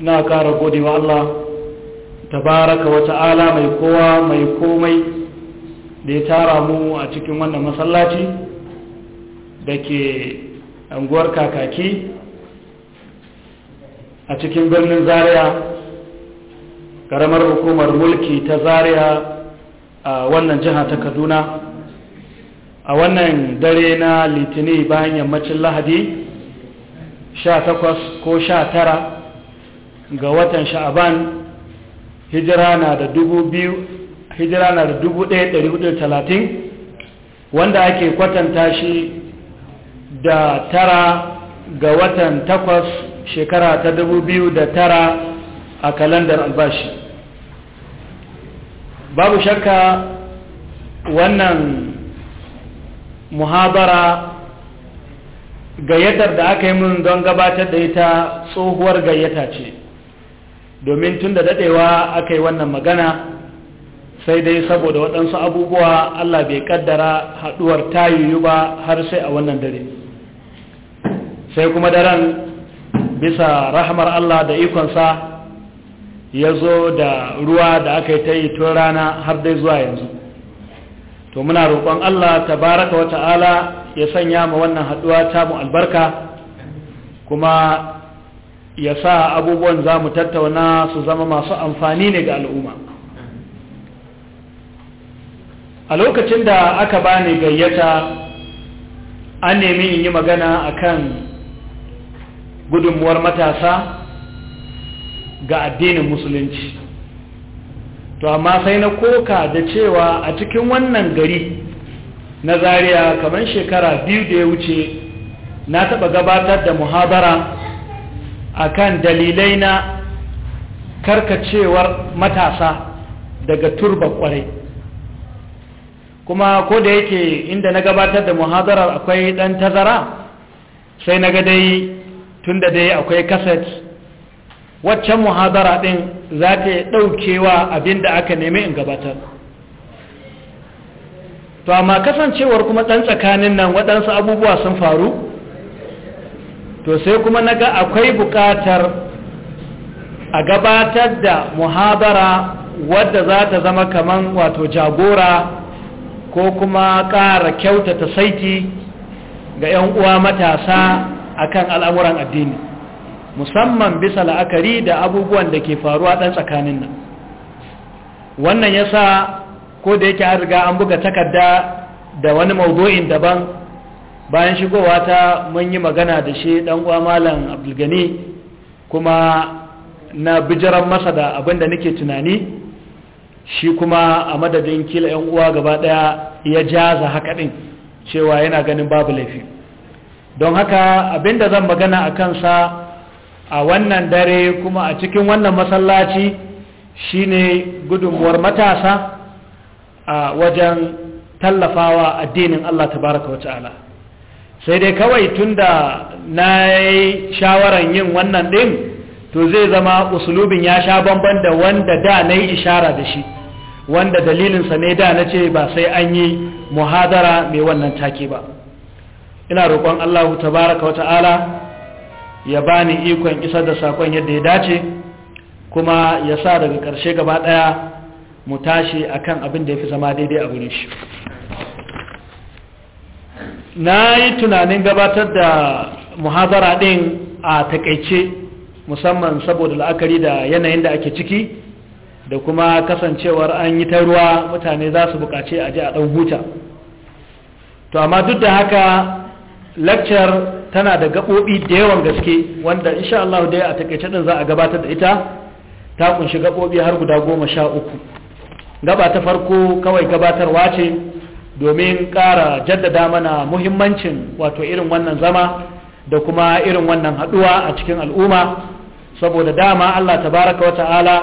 ina kara godewa Allah tabaraka wa ta'ala mai kowa mai komai da ya tara mu a cikin wannan masallaci da ke anguwar kakaki a cikin birnin zaria karamar hukumar mulki ta zaria a wannan jiha ta kaduna a wannan dare na litini bayan yammacin lahadi 18 ko 19 ga watan sha'aban hijira na da hijira na 1430 wanda ake kwatanta shi da tara ga watan takwas shekara ta da tara a kalandar albashi babu shakka wannan muhabara gayyatar da aka yi min don gabatar da ita tsohuwar gayyata ce domin tun da dadewa aka yi wannan magana sai dai saboda waɗansu abubuwa Allah bai kaddara haɗuwar tayiyu ba har sai a wannan dare sai kuma daren bisa rahamar Allah da ikonsa ya zo da ruwa da aka yi ta yi tun rana har dai zuwa yanzu to muna roƙon Allah ta baraka wa ta'ala ya sanya ma wannan haɗuwa ta mu albarka kuma ya sa abubuwan za mu tattauna su zama masu amfani ne ga al'umma a lokacin da aka bani gayyata an nemi in yi magana a kan gudunmuwar matasa ga addinin musulunci to amma sai na koka da cewa a cikin wannan gari na zariya kamar shekara biyu da ya wuce na taɓa gabatar da muhabara akan dalilai na karkacewar matasa daga turba kwarai kuma ko da yake inda na gabatar da muhadarar akwai dan tazara sai na ga dai tunda dai akwai kaset waccan muhadara din za ta daukewa abinda aka nemi in gabatar to amma kasancewar kuma dan tsakanin nan waɗansu abubuwa sun faru to sai kuma naga akwai buƙatar a gabatar da muhabara wadda za ta zama kaman wato jagora ko kuma ƙara kyautata saiti ga 'yan uwa matasa akan al'amuran addini musamman bisa la'akari da abubuwan da ke faruwa ɗan tsakanin nan wannan ya sa ko da yake an riga an buga takarda da wani maudu'in daban bayan shigowa ta mun yi magana da shi dan uwa malam abdulgani kuma na bijiran masa da abin da nake tunani shi kuma a madadin kila yan uwa gaba daya ya jaza haka din cewa yana ganin babu laifi don haka abin da zan magana a kansa a wannan dare kuma a cikin wannan masallaci shine gudunmuwar matasa a wajen tallafawa addinin Allah tabaraka wa ta'ala sai dai kawai tunda na yi shawaran yin wannan ɗin to zai zama usulubin ya sha bamban da wanda da na yi ishara da shi wanda dalilinsa ne da na ce ba sai an yi muhadara mai wannan take ba ina roƙon allahu tabaraka wa ta'ala ya bani ikon isar da sakon yadda ya dace kuma ya sa daga ƙarshe gaba ɗaya mu tashi akan abin da ya fi zama daidai a wurin shi na yi tunanin gabatar da muhazara ɗin a takaice musamman saboda la'akari da yanayin da ake ciki da kuma kasancewar an yi ta ruwa mutane za su buƙaci a ji a ɗau huta to amma duk da haka lakcar tana da gaɓoɓi da yawan gaske wanda insha Allah dai a takaice din za a gabatar da ita ta kunshi gaɓoɓi har guda goma sha uku gaba ta farko kawai gabatarwa ce domin ƙara jaddada mana muhimmancin wato irin wannan zama da kuma irin wannan haɗuwa a cikin al'umma saboda dama Allah tabaraka wa ta'ala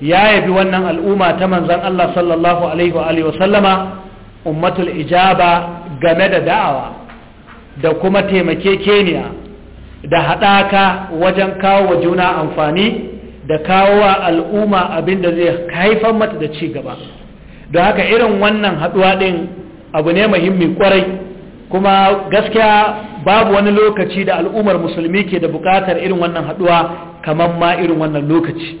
ya yabi wannan al'umma ta manzan Allah sallallahu alaihi wa sallama ummatul ijaba game da da'awa da kuma taimakekeniya da haɗaka wajen kawo juna amfani da kawo wa al'umma abin da zai haifar mata da ci gaba don haka irin wannan haɗuwa ɗin abu ne muhimmi kwarai kuma gaskiya babu wani lokaci da al'ummar musulmi ke da bukatar irin wannan haduwa kamar ma irin wannan lokaci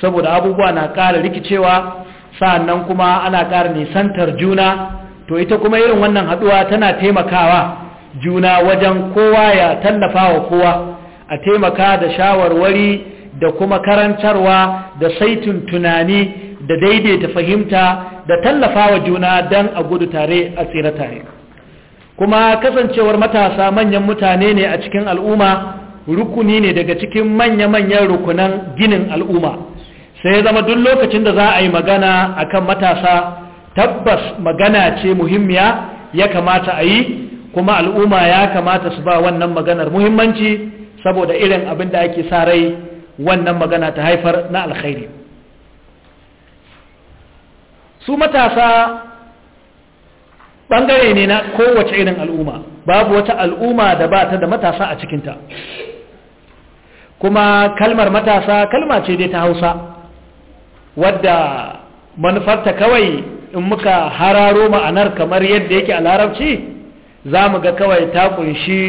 saboda abubuwa na ƙara rikicewa sa'annan kuma ana ƙara nisantar juna to ita kuma irin wannan haɗuwa tana taimakawa juna wajen kowa ya tallafa wa kowa a taimaka da shawarwari da kuma karantarwa da saitin tunani da daidaita fahimta da tallafawa juna dan a gudu tare a tsira tare kuma kasancewar matasa manyan mutane ne a cikin al'umma rukuni ne daga cikin manya-manyan rukunan ginin al'umma sai zama duk lokacin da za a yi magana akan matasa tabbas magana ce muhimmiya ya kamata a yi kuma al'umma ya kamata su ba wannan maganar muhimmanci saboda irin abin da ake sa rai wannan magana ta haifar na alkhairi su matasa bangare ne na kowace irin al'umma babu wata al'umma da ba ta da matasa a cikinta kuma kalmar matasa kalma ce dai ta hausa wadda manufarta kawai in muka hararo ma'anar kamar yadda yake a larabci za mu ga kawai ta kunshi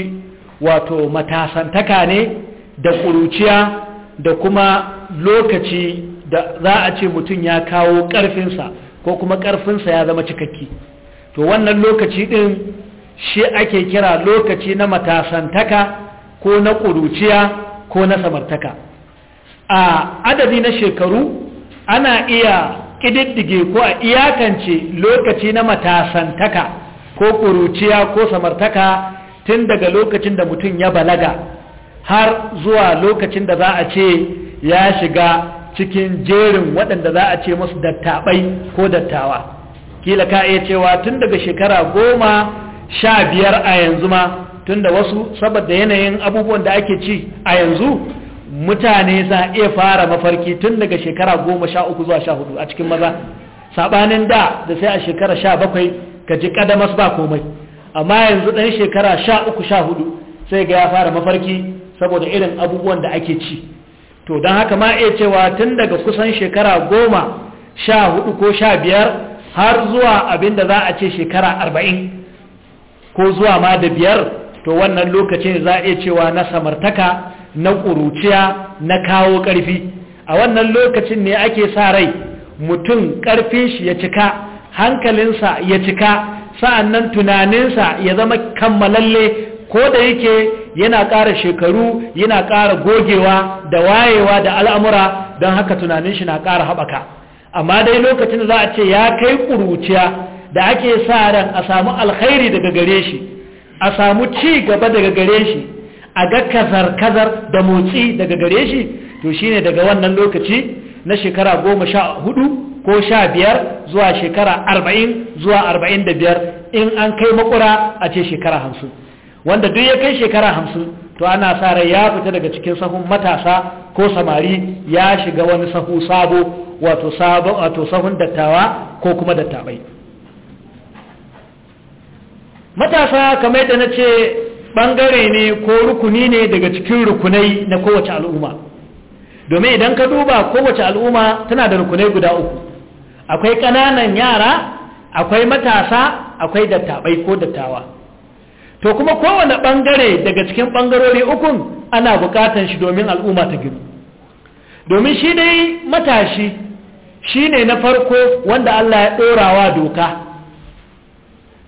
wato matasantaka ne da kuruciya da kuma lokaci da za a ce mutum ya kawo ƙarfinsa ko kuma ƙarfinsa ya zama cikakki. to wannan lokaci ɗin shi ake kira lokaci na matasantaka ko na ƙuruciya ko na samartaka a adadi na shekaru ana iya ƙididdige ko a iyakance lokaci na matasantaka ko ƙuruciya ko samartaka tun daga lokacin da mutum ya balaga har zuwa lokacin da za a ce ya shiga cikin jerin waɗanda za a ce musu dattabai ko dattawa kila ka iya cewa tun daga shekara goma sha biyar a yanzu ma tun da wasu saboda yanayin abubuwan da ake ci a yanzu mutane za iya fara mafarki tun daga shekara goma sha uku zuwa sha hudu a cikin maza saɓanin da da sai a shekara sha bakwai ka ji ƙadamas ba komai amma yanzu ɗan shekara sha uku sha hudu sai ga ya fara mafarki saboda irin abubuwan da ake ci to don haka ma iya cewa tun daga kusan shekara goma sha hudu ko sha biyar har zuwa abinda za a ce shekara arba'in ko zuwa ma da biyar to wannan lokacin za a iya cewa na samartaka na ƙuruciya na kawo ƙarfi a wannan lokacin ne ake sa rai mutum ƙarfin shi ya cika hankalinsa ya cika sa'annan tunaninsa ya zama kammalalle ko da yake yana ƙara shekaru yana ƙara gogewa da wayewa da al'amura don haka tunanin shi na ƙara haɓaka amma dai lokacin za a ce ya kai ƙuruciya da ake sa ran a samu alkhairi daga gare shi a samu ci gaba daga gare shi a ga kazar-kazar da motsi daga gare shi to shine daga wannan lokaci na shekara goma sha hudu ko sha biyar zuwa shekara arba'in zuwa arba'in da biyar in an kai makura a ce shekara hamsin wanda duk ya kai shekara hamsin to ana sa rai ya fita daga cikin sahun matasa ko samari ya shiga wani sahu sabo wato sabo wato sahun dattawa ko kuma dattabai matasa kamar yadda na ce bangare ne ko rukuni ne daga cikin rukunai na kowace al'umma domin idan ka duba kowace al'umma tana da rukunai guda uku akwai ƙananan yara akwai matasa akwai dattabai ko dattawa to kuma kowane bangare daga cikin bangarori ukun ana bukatan shi domin al'umma ta gina domin shi dai matashi shi ne na farko wanda Allah ya ɗorawa doka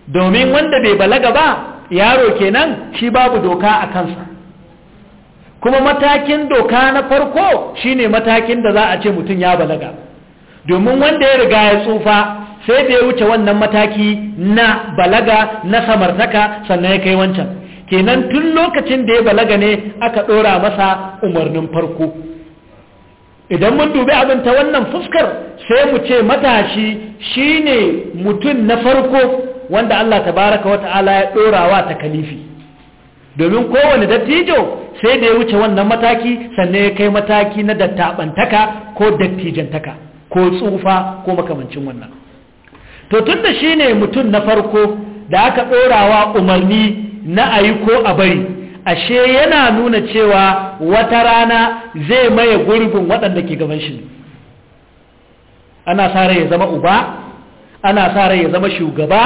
domin wanda bai balaga ba yaro kenan shi babu doka a kansa kuma matakin doka na farko shi ne matakin da za a ce mutum ya balaga domin wanda ya riga ya tsufa sai da ya wuce wannan mataki na balaga na samartaka sannan ya kai wancan kenan tun lokacin da ya balaga ne aka ɗora masa umarnin farko idan mun dubi abin ta wannan fuskar sai mu ce matashi shine mutum na farko wanda Allah ta baraka wata ala ya ɗora wa takalifi domin kowane dattijo sai da ya wuce wannan mataki sannan ya kai mataki na dattabantaka ko dattijantaka ko tsufa ko makamancin wannan to tun da shi ne mutum na farko da aka ɗorawa umarni na a ko a bari ashe yana nuna cewa wata rana zai maye gurbin waɗanda ke gaban shi ana sa ya zama uba ana sa ya zama shugaba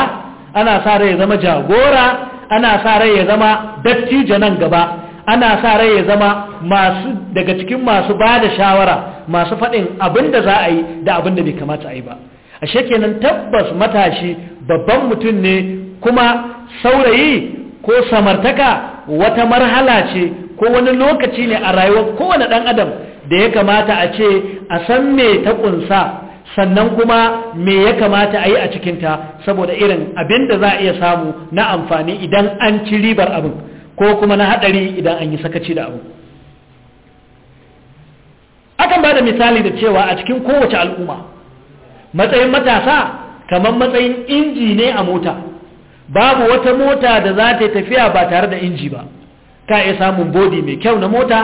ana sa ya zama jagora ana sa ya zama dattijo nan gaba ana sa ya zama masu daga cikin masu bada shawara masu faɗin abin da za a yi da abin da bai kamata a yi ba ashe kenan tabbas matashi babban mutum ne kuma saurayi ko samartaka wata marhala ce ko wani lokaci ne a rayuwar kowane ɗan adam da ya kamata a ce a san me ta ƙunsa sannan kuma me ya kamata a yi a cikinta saboda irin abin da za a iya samu na amfani idan an ci ribar abin ko kuma na haɗari idan an yi sakaci da abin akan ba da misali da cewa a cikin kowace al'umma matsayin matasa kamar matsayin inji ne a mota babu wata mota da za ta tafiya ba tare da inji ba ka iya samun bodi mai kyau na mota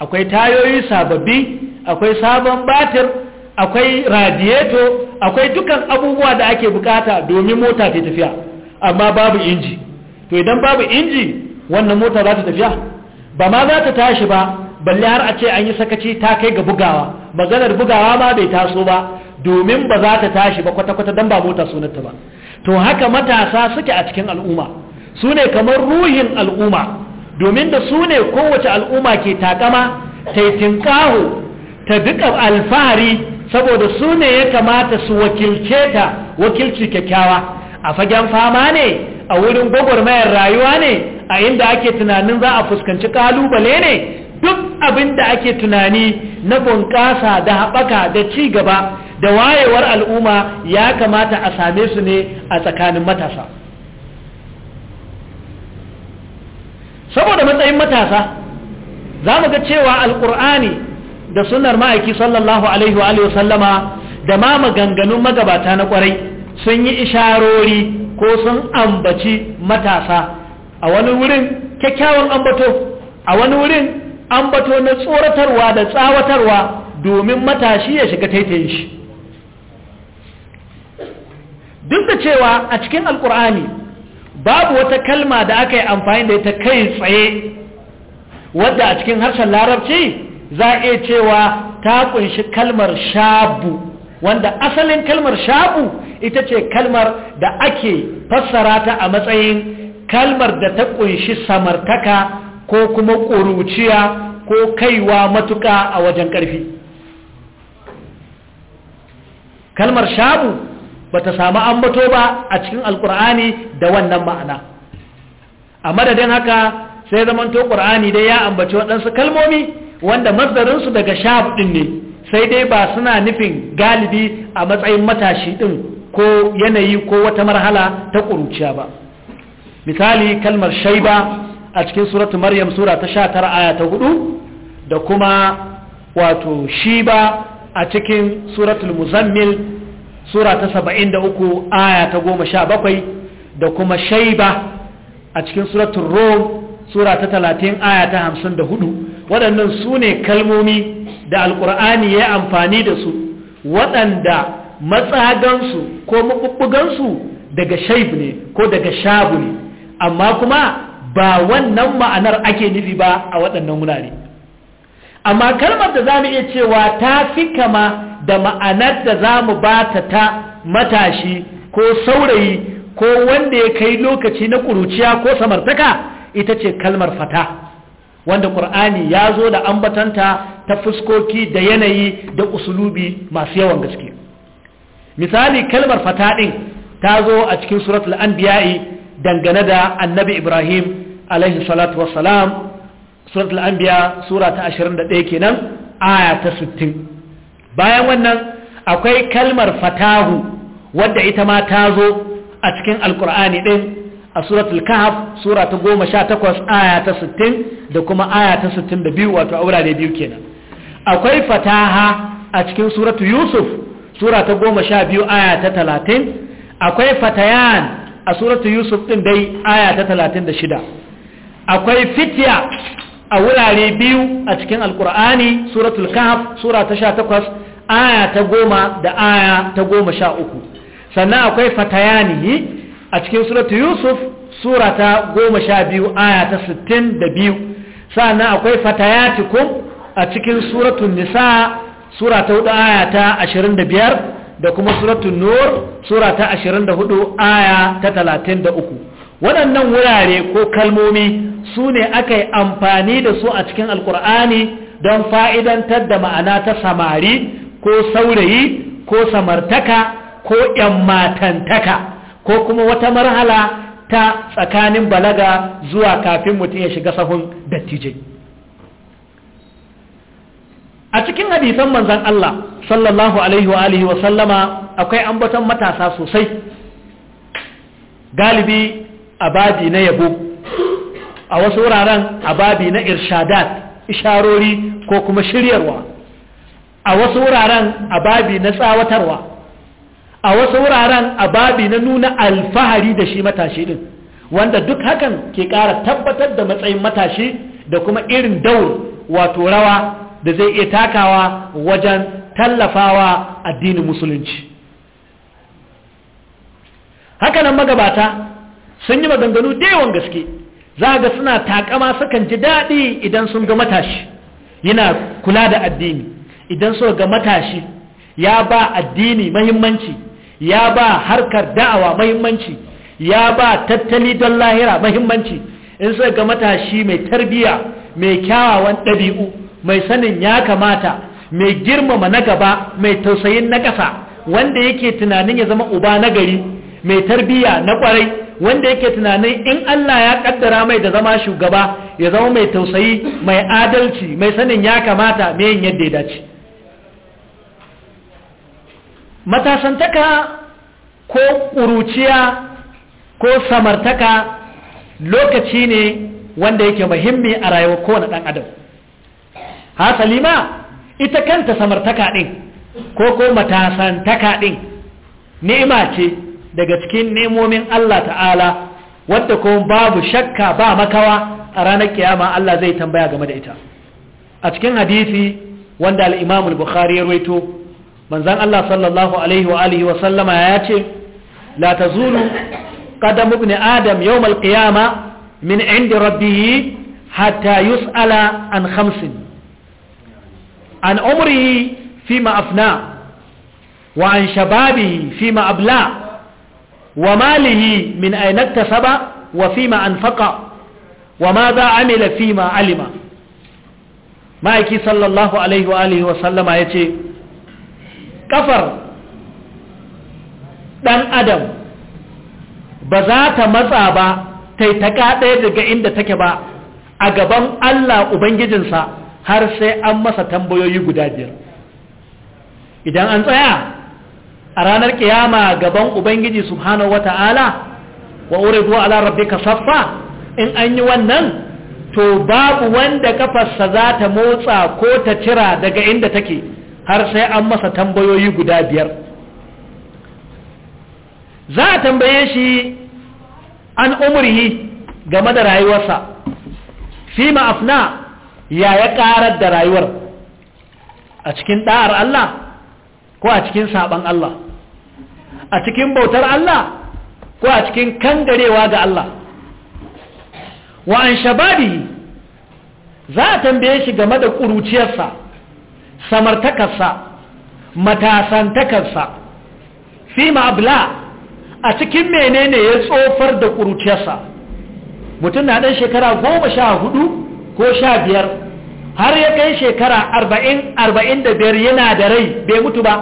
akwai tayoyi sababbi akwai sabon batir akwai radiyeto akwai dukan abubuwa da ake bukata domin mota ta tafiya amma babu inji to idan babu inji wannan mota za ta tafiya ba ma za ta tashi ba balle har a ce an yi sakaci ta kai ga bugawa maganar bugawa ma bai taso ba domin ba za ta tashi ba kwata-kwata don ba mota sunanta ba to haka matasa suke a cikin al'umma su ne kamar ruhin al'umma domin da su ne kowace al'umma ke takama ta yi ta duka alfahari saboda su ne ya kamata su wakilce ta wakilci kyakkyawa a fagen fama ne a wurin gwagwarmayar rayuwa ne a inda ake tunanin za a fuskanci kalubale ne duk abin da ake tunani na bunƙasa da haɓaka da ci gaba da wayewar al'umma ya kamata a same su ne a tsakanin matasa saboda matsayin matasa za mu ga cewa alkur'ani da sunar ma'aiki sallallahu alaihi wa sallama da ma maganganun magabata na kwarai sun yi isharori ko sun ambaci matasa a wani wurin kyakkyawan ambato a wani wurin ambato na tsoratarwa da tsawatarwa domin matashi ya shiga taitayin shi duk da cewa a cikin alkur'ani babu wata kalma da aka yi amfani da ita kai tsaye wadda a cikin harshen larabci za a iya cewa ta kunshi kalmar shabu wanda asalin kalmar shabu ita ce kalmar da ake fassara ta a matsayin kalmar da ta kunshi samartaka ko kuma ƙuruciya ko kaiwa matuka a wajen ƙarfi kalmar shabu Ba ta samu ambato ba a cikin alkur'ani da wannan ma'ana a madadin haka sai zamanto ƙur'ani dai ya ambaci waɗansu kalmomi wanda matsarinsu daga shaf ɗin ne sai dai ba suna nufin galibi a matsayin matashi ɗin ko yanayi ko wata marhala ta ƙuruciya ba misali kalmar shaiba a cikin suratu maryam sura ta sha tara aya ta hudu da kuma wato shiba a cikin suratul muzammil sura ta saba'in da uku aya ta goma sha bakwai da kuma shaiba a cikin suratun rom sura ta talatin aya ta hamsin da hudu waɗannan su ne kalmomi da alkur'ani ya amfani da su waɗanda matsagansu ko maɓuɓɓugansu daga shaib ne ko daga shabu ne amma kuma ba wannan ma'anar ake nufi ba a waɗannan wurare amma kalmar da za mu iya cewa ta fi kama da ma'anar da za mu ba ta ta matashi ko saurayi ko wanda ya kai lokaci na ƙuruciya ko samartaka ita ce kalmar fata wanda ƙur'ani ya zo da ambatanta ta fuskoki da yanayi da usulubi masu yawan gaske misali kalmar fata ɗin ta zo a cikin suratul biya'i dangane da annabi ibrahim alaihi salatu wassalam suratul anbiya sura ta 21 kenan aya ta sittin. bayan wannan akwai kalmar fatahu wadda ita ma ta zo a cikin alkur'ani ɗin a suratul kahaf sura ta goma sha takwas aya ta sittin da kuma aya ta sittin da biyu wato a wurare biyu kenan akwai fataha a cikin suratu yusuf sura ta goma sha biyu aya ta talatin akwai fatayan a suratu yusuf ɗin dai aya ta talatin da shida akwai fitya a wurare biyu a cikin alkur'ani suratul kahaf sura ta sha takwas aya ta goma da aya ta goma sha uku sannan akwai fatayanihi a cikin suratu yusuf sura ta goma sha biyu aya ta sittin da biyu sannan akwai fatayatikum a cikin suratun nisa sura ta hudu aya ta ashirin da biyar da kuma suratun nur sura ta ashirin da hudu aya ta talatin da uku waɗannan wurare ko kalmomi su ne aka yi amfani da su a cikin alkur'ani don fa'idantar da ma'ana ta samari ko saurayi ko samartaka ko matantaka ko kuma wata marhala ta tsakanin balaga zuwa kafin mutum ya shiga sahun dattijai a cikin hadisan manzan Allah sallallahu alaihi wa wa sallama akwai ambaton matasa sosai galibi a babi na yabo a wasu wuraren a babi na irshadat isharori ko kuma shiryarwa a wasu wuraren a babi na tsawatarwa a wasu wuraren a babi na nuna alfahari da shi matashi din wanda duk hakan ke ƙara tabbatar da matsayin matashi da kuma irin daur wato rawa da zai iya takawa wajen tallafawa addinin musulunci hakanan magabata sun yi maganganu da yawan gaske za ga suna takama sukan ji daɗi idan sun ga matashi yana kula da addini idan so ga matashi ya ba addini mahimmanci ya ba harkar da'awa mahimmanci ya ba tattali don lahira mahimmanci in so ga matashi mai tarbiya mai kyawawan ɗabi'u mai sanin ya kamata mai girmama na gaba mai tausayin na ƙasa wanda yake tunanin ya zama uba na gari mai tarbiya na ƙwarai wanda yake tunanin in Allah ya kaddara mai da zama shugaba ya zama mai tausayi mai adalci mai sanin ya kamata mai yin yadda ya dace matasantaka ko ƙuruciya ko samartaka lokaci ne wanda yake muhimmi a rayuwar kowane ɗan adam hasali ma ita kanta samartaka ɗin ko ko matasantaka ɗin nema ce daga cikin nemomin Allah ta'ala wadda ko babu shakka ba makawa a ranar kiyama Allah zai tambaya game da ita a cikin hadisi wanda al'imamul bukhari ya ruwaito manzan Allah sallallahu alaihi wa alihi wa sallama ya ce la ta tazulu qadamu ibn adam yawm al-qiyama min indi rabbih hatta yus'ala an khamsin an umrihi fima afna wa an shababihi fima abla wa malihi min ayna iktasaba wa fima anfaqa wa madha amila fima alima ma'aiki sallallahu alaihi wa alihi wa sallama ya ce. kafar dan adam ba za ta matsa ba ta yi ta daga inda take ba a gaban Allah Ubangijinsa har sai an masa tambayoyi guda biyar idan an tsaya a ranar kiyama gaban Ubangiji subhanahu wa ta'ala wa uridu ala rabbika saffa in an yi wannan to babu wanda kafarsa za ta motsa ko ta cira daga inda take har sai an masa tambayoyi guda biyar za a tambaye shi an umurhi game da rayuwarsa fi ma'afna ya ya karar da rayuwar a cikin ɗa'ar Allah ko a cikin saɓan Allah a cikin bautar Allah ko a cikin kangarewa ga Allah wa an shababi za a tambaye shi game da ƙuruciyarsa samartakarsa matasantakarsa fi ma'abla a cikin menene ya tsofar da ƙuruciyarsa mutum na ɗan shekara goma sha hudu ko sha biyar har ya kai shekara arba'in arba'in da biyar yana da rai bai mutu ba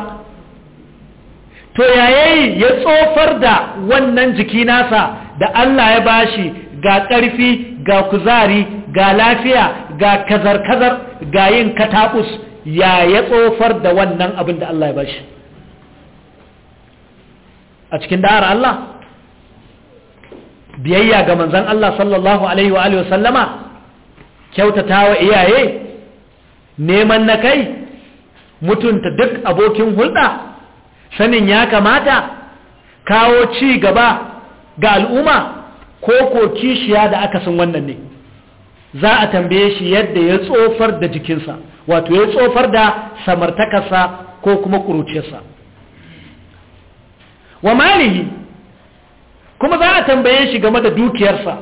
to yayayi ya tsofar da wannan jiki nasa da Allah ya bashi ga ƙarfi ga kuzari ga lafiya ga kazar-kazar ga yin katakus ya ya tsofar da wannan abin da Allah ya bashi a cikin da'ar Allah biyayya ga manzan Allah sallallahu alaihi wa wasallama kyautata wa iyaye neman na kai mutunta duk abokin hulɗa sanin ya kamata kawo ci gaba ga al'umma ko ko kishiya da aka akasin wannan ne za a tambaye shi yadda ya tsofar da jikinsa wato ya tsofar da samartakarsa ko kuma ƙuruciyarsa wa malihi kuma za a tambaye shi game da dukiyarsa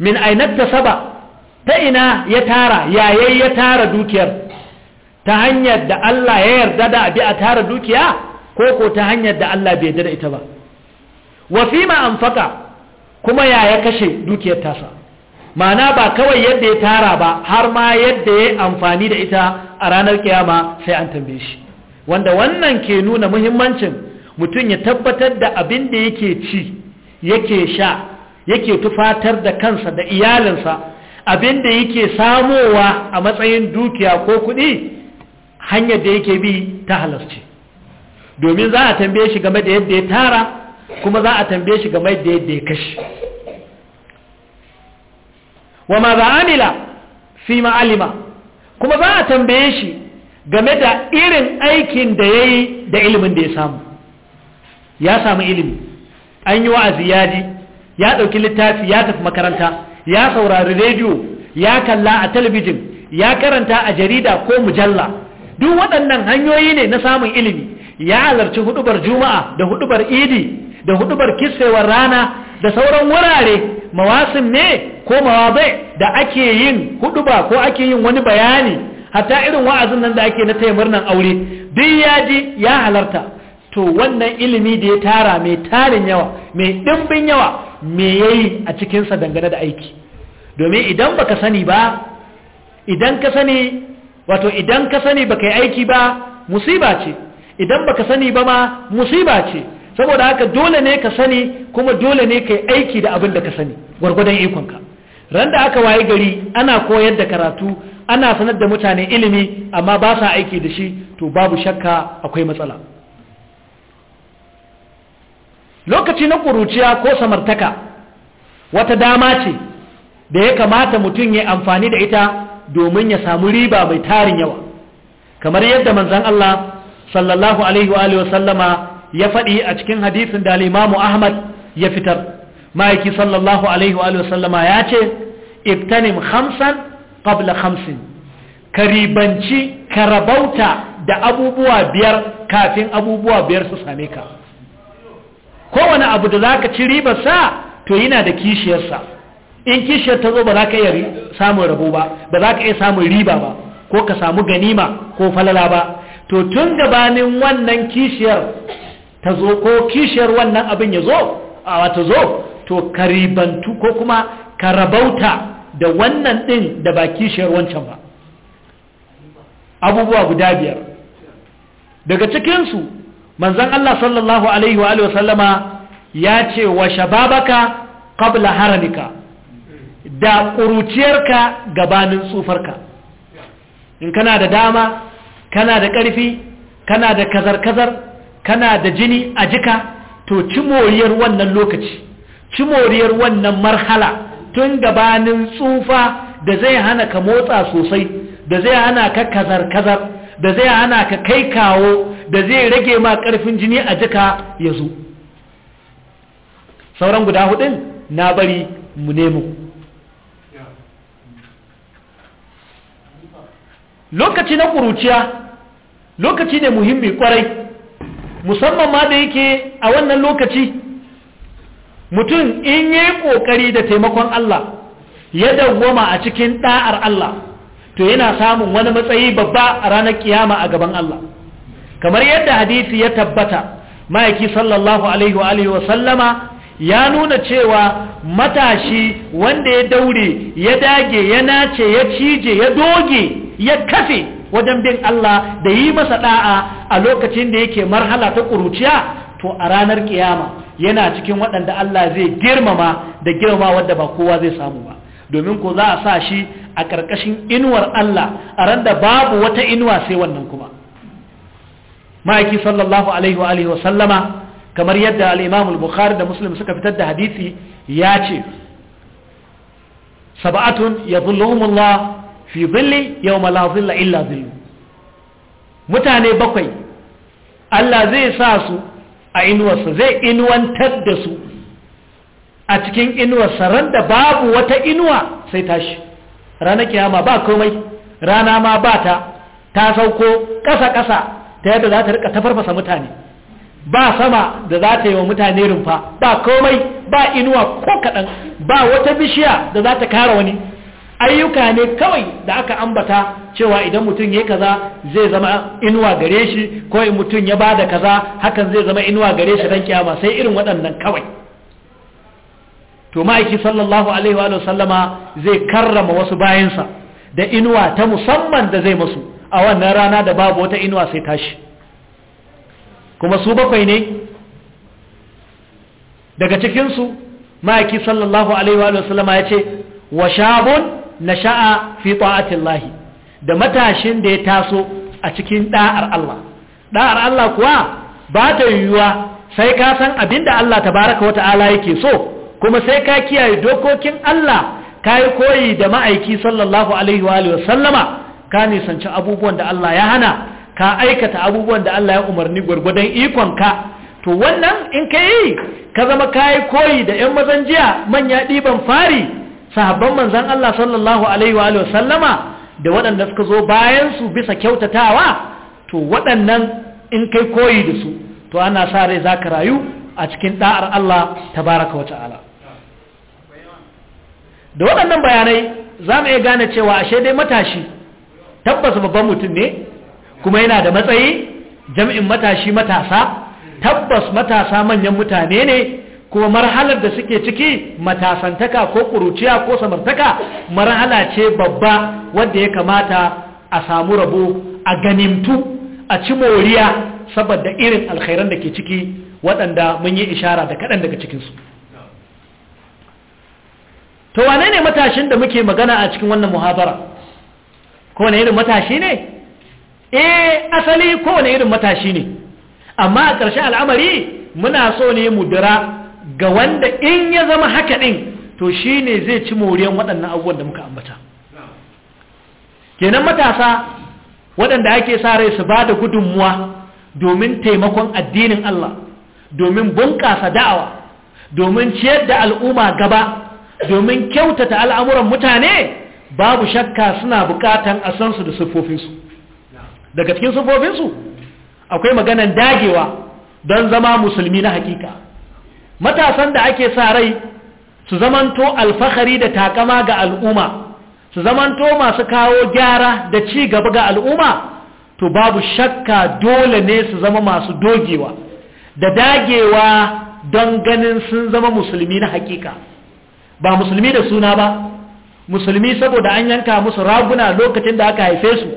min ainat da saba ta ina ya tara Yayai ya tara dukiyar ta hanyar da Allah ya yarda da abi a tara dukiya ko ko ta hanyar da Allah bai yarda da ita ba wa fi ma anfaka kuma ya ya kashe dukiyar tasa ma'ana ba kawai yadda ya tara ba har ma yadda ya amfani da ita a ranar kiyama sai an tambaye shi wanda wannan ke nuna muhimmancin mutum ya tabbatar da abin da yake ci yake sha yake tufatar da kansa da iyalinsa abin da yake samowa a matsayin dukiya ko kuɗi hanyar da yake bi ta halarci domin za a tambaye shi game da yadda ya tara kuma za a tambaye shi game da yadda ya kashe wa ma amila fi ma'alima kuma za a tambaye shi game da irin aikin da ya yi da ilimin da ya samu ya samu ilimi an yi wa'azi ya ji ya ɗauki littafi ya tafi makaranta ya saurari rediyo ya kalla a talabijin ya karanta a jarida ko mujalla duk waɗannan hanyoyi ne na samun ilimi ya halarci hudubar juma'a da hudubar idi da hudubar kisfewar rana da sauran wurare mawasin ne ko mawabai da ake yin ba ko ake yin wani bayani hatta irin wa'azin nan da ake na taya nan aure duk ya ji ya halarta to wannan ilimi da ya tara mai tarin yawa mai dimbin yawa me yayi a cikinsa dangane da aiki domin idan baka sani ba idan ka sani wato idan ka sani baka yi aiki ba musiba ce idan baka sani ba ma musiba ce saboda haka dole ne ka sani kuma dole ne ka yi aiki da abin da ka sani gwargwadon ikonka ran da aka waye gari ana koyar da karatu ana sanar da mutane ilimi amma ba sa aiki da shi to babu shakka akwai matsala lokaci na ƙuruciya ko samartaka wata dama ce da ya kamata mutum ya amfani da ita domin ya samu riba mai tarin yawa kamar yadda manzan Allah sallallahu alaihi wa sallama ya faɗi a cikin hadisin da al'imamu ahmad ya fitar ma'aiki sallallahu alaihi wa sallama ya ce ibtanim khamsan qabla khamsin ka ribanci ka rabauta da abubuwa biyar kafin abubuwa biyar su same ka kowane abu da za ka ci sa to yana da kishiyarsa in kishiyar ta zo ba za ka iya samun rabo ba ba za ka iya samun riba ba ko ka samu ganima ko falala ba to tun gabanin wannan kishiyar ta zo ko kishiyar wannan abin ya zo a wata zo to karibantu ko kuma ka rabauta da wannan din da ba kishiyar wancan ba abubuwa guda biyar daga cikinsu manzan Allah sallallahu Alaihi wa ya ce wa shababaka kabla haramika da ƙuruciyarka gabanin tsufarka in kana da dama kana da ƙarfi kana da kazar-kazar kana da jini a jika to ci moriyar wannan lokaci ci moriyar wannan marhala tun gabanin tsufa da zai hana ka motsa sosai da zai hana ka kazar-kazar da zai hana ka kai kawo da zai rage ma karfin jini a jika ya zo sauran guda hudun na bari mu nemo lokaci na ƙuruciya lokaci ne muhimmi kwarai musamman ma da yake a wannan lokaci mutum in yi ƙoƙari da taimakon Allah ya dawwama a cikin ɗa'ar Allah to yana samun wani matsayi babba a ranar ƙiyama a gaban Allah kamar yadda hadisi ya tabbata ma'aiki sallallahu alaihi wa sallama ya nuna cewa matashi wanda ya daure ya dage ya nace ya cije ya doge ya kafe wajen bin Allah da yi masa da'a a lokacin da yake marhala ta ƙuruciya to a ranar ƙiyama yana cikin waɗanda Allah zai girmama da girma wadda ba kowa zai samu ba domin ko za a sa shi a ƙarƙashin inuwar Allah a ran da babu wata inuwa sai wannan kuma ma'aiki sallallahu alaihi wa alihi wa sallama kamar yadda al-Imam bukhari da Muslim suka fitar da hadisi ya ce sab'atun yadhulluhumullah fi zilli yau la illa zillu mutane bakwai Allah zai sa su a inuwarsa zai inuwantar da su a cikin inuwarsa ran da babu wata inuwa sai tashi ranar kiyama ba komai rana ma ba ta ta sauko ƙasa-ƙasa ta yadda za ta rika farfasa mutane ba sama da za ta yi wa mutane rumfa ba komai ba inuwa ko kaɗan ba wata bishiya da za ta kara wani ayyuka ne kawai da aka ambata cewa idan mutum ya kaza zai zama inuwa gare shi ko in mutum ya bada kaza hakan zai zama inuwa gare shi dan kiyama sai irin waɗannan kawai to ma'aiki sallallahu alaihi wa sallama zai karrama wasu bayansa da inuwa ta musamman da zai masu, a wannan rana da babu wata inuwa sai tashi kuma su bakwai ne daga cikinsu ma'aiki sallallahu alaihi wa sallama ya ce wa shabun nasha'a fi lahi da matashin da ya taso a cikin da'ar Allah da'ar Allah kuwa ba ta yiwuwa sai ka san da Allah tabaraka wa ta'ala yake so kuma sai ka kiyaye dokokin Allah ka yi koyi da ma'aiki sallallahu alaihi wa sallama ka nisanci abubuwan da Allah ya hana ka aikata abubuwan da Allah ya umarni gwargwadon ka to wannan in ka yi ka zama ka yi koyi da 'yan mazan jiya manya ɗiban fari sahabban manzan Allah sallallahu alaihi wa sallama da waɗanda suka zo bayan su bisa kyautatawa to waɗannan in kai koyi da su to ana sa rai za ka rayu a cikin ɗa'ar Allah tabaraka wa ta'ala da waɗannan bayanai za mu iya gane cewa ashe dai matashi tabbas babban mutum ne kuma yana da matsayi jam'in matashi matasa tabbas matasa manyan mutane ne ko marhalar da suke ciki matasantaka ko ƙuruciya ko samartaka marhala ce babba wadda ya kamata a samu rabo a ganimtu a ci moriya saboda irin alkhairan da ke ciki waɗanda mun yi ishara da kaɗan daga cikinsu to wane ne matashin da muke magana a cikin wannan muhabara kowane irin matashi ne eh asali kowane irin matashi ne amma a ƙarshen al'amari muna so ne mu dira ga wanda in ya zama haka ɗin to shi ne zai ci moriyan waɗannan abubuwan da muka ambata kenan matasa waɗanda ake sa rai su ba da gudunmuwa domin taimakon addinin Allah domin bunƙasa da'awa domin ciyar da al'umma gaba domin kyautata al'amuran mutane babu shakka suna buƙatan a san da siffofinsu daga cikin siffofinsu akwai maganan dagewa don zama musulmi na hakika matasan da ake sa rai su zamanto alfahari da takama ga al'umma su zamanto masu kawo gyara da ci gaba ga al'umma to babu shakka dole ne su zama masu dogewa da dagewa don ganin sun zama musulmi na hakika ba musulmi da suna ba musulmi saboda an yanka musu raguna lokacin da aka haife su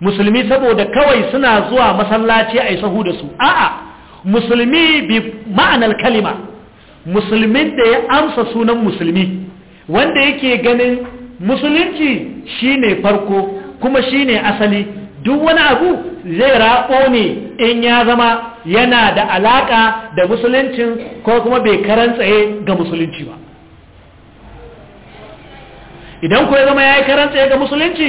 musulmi saboda kawai suna zuwa masallaci a yi sahu da su a'a musulmi bi ma'anar kalima musulmin da ya amsa sunan musulmi wanda yake ganin musulunci shine farko kuma shine asali duk wani abu zai rabo ne in ya zama yana da alaƙa da musuluncin ko kuma bai karan ga musulunci ba idan ko ya zama ya yi ga musulunci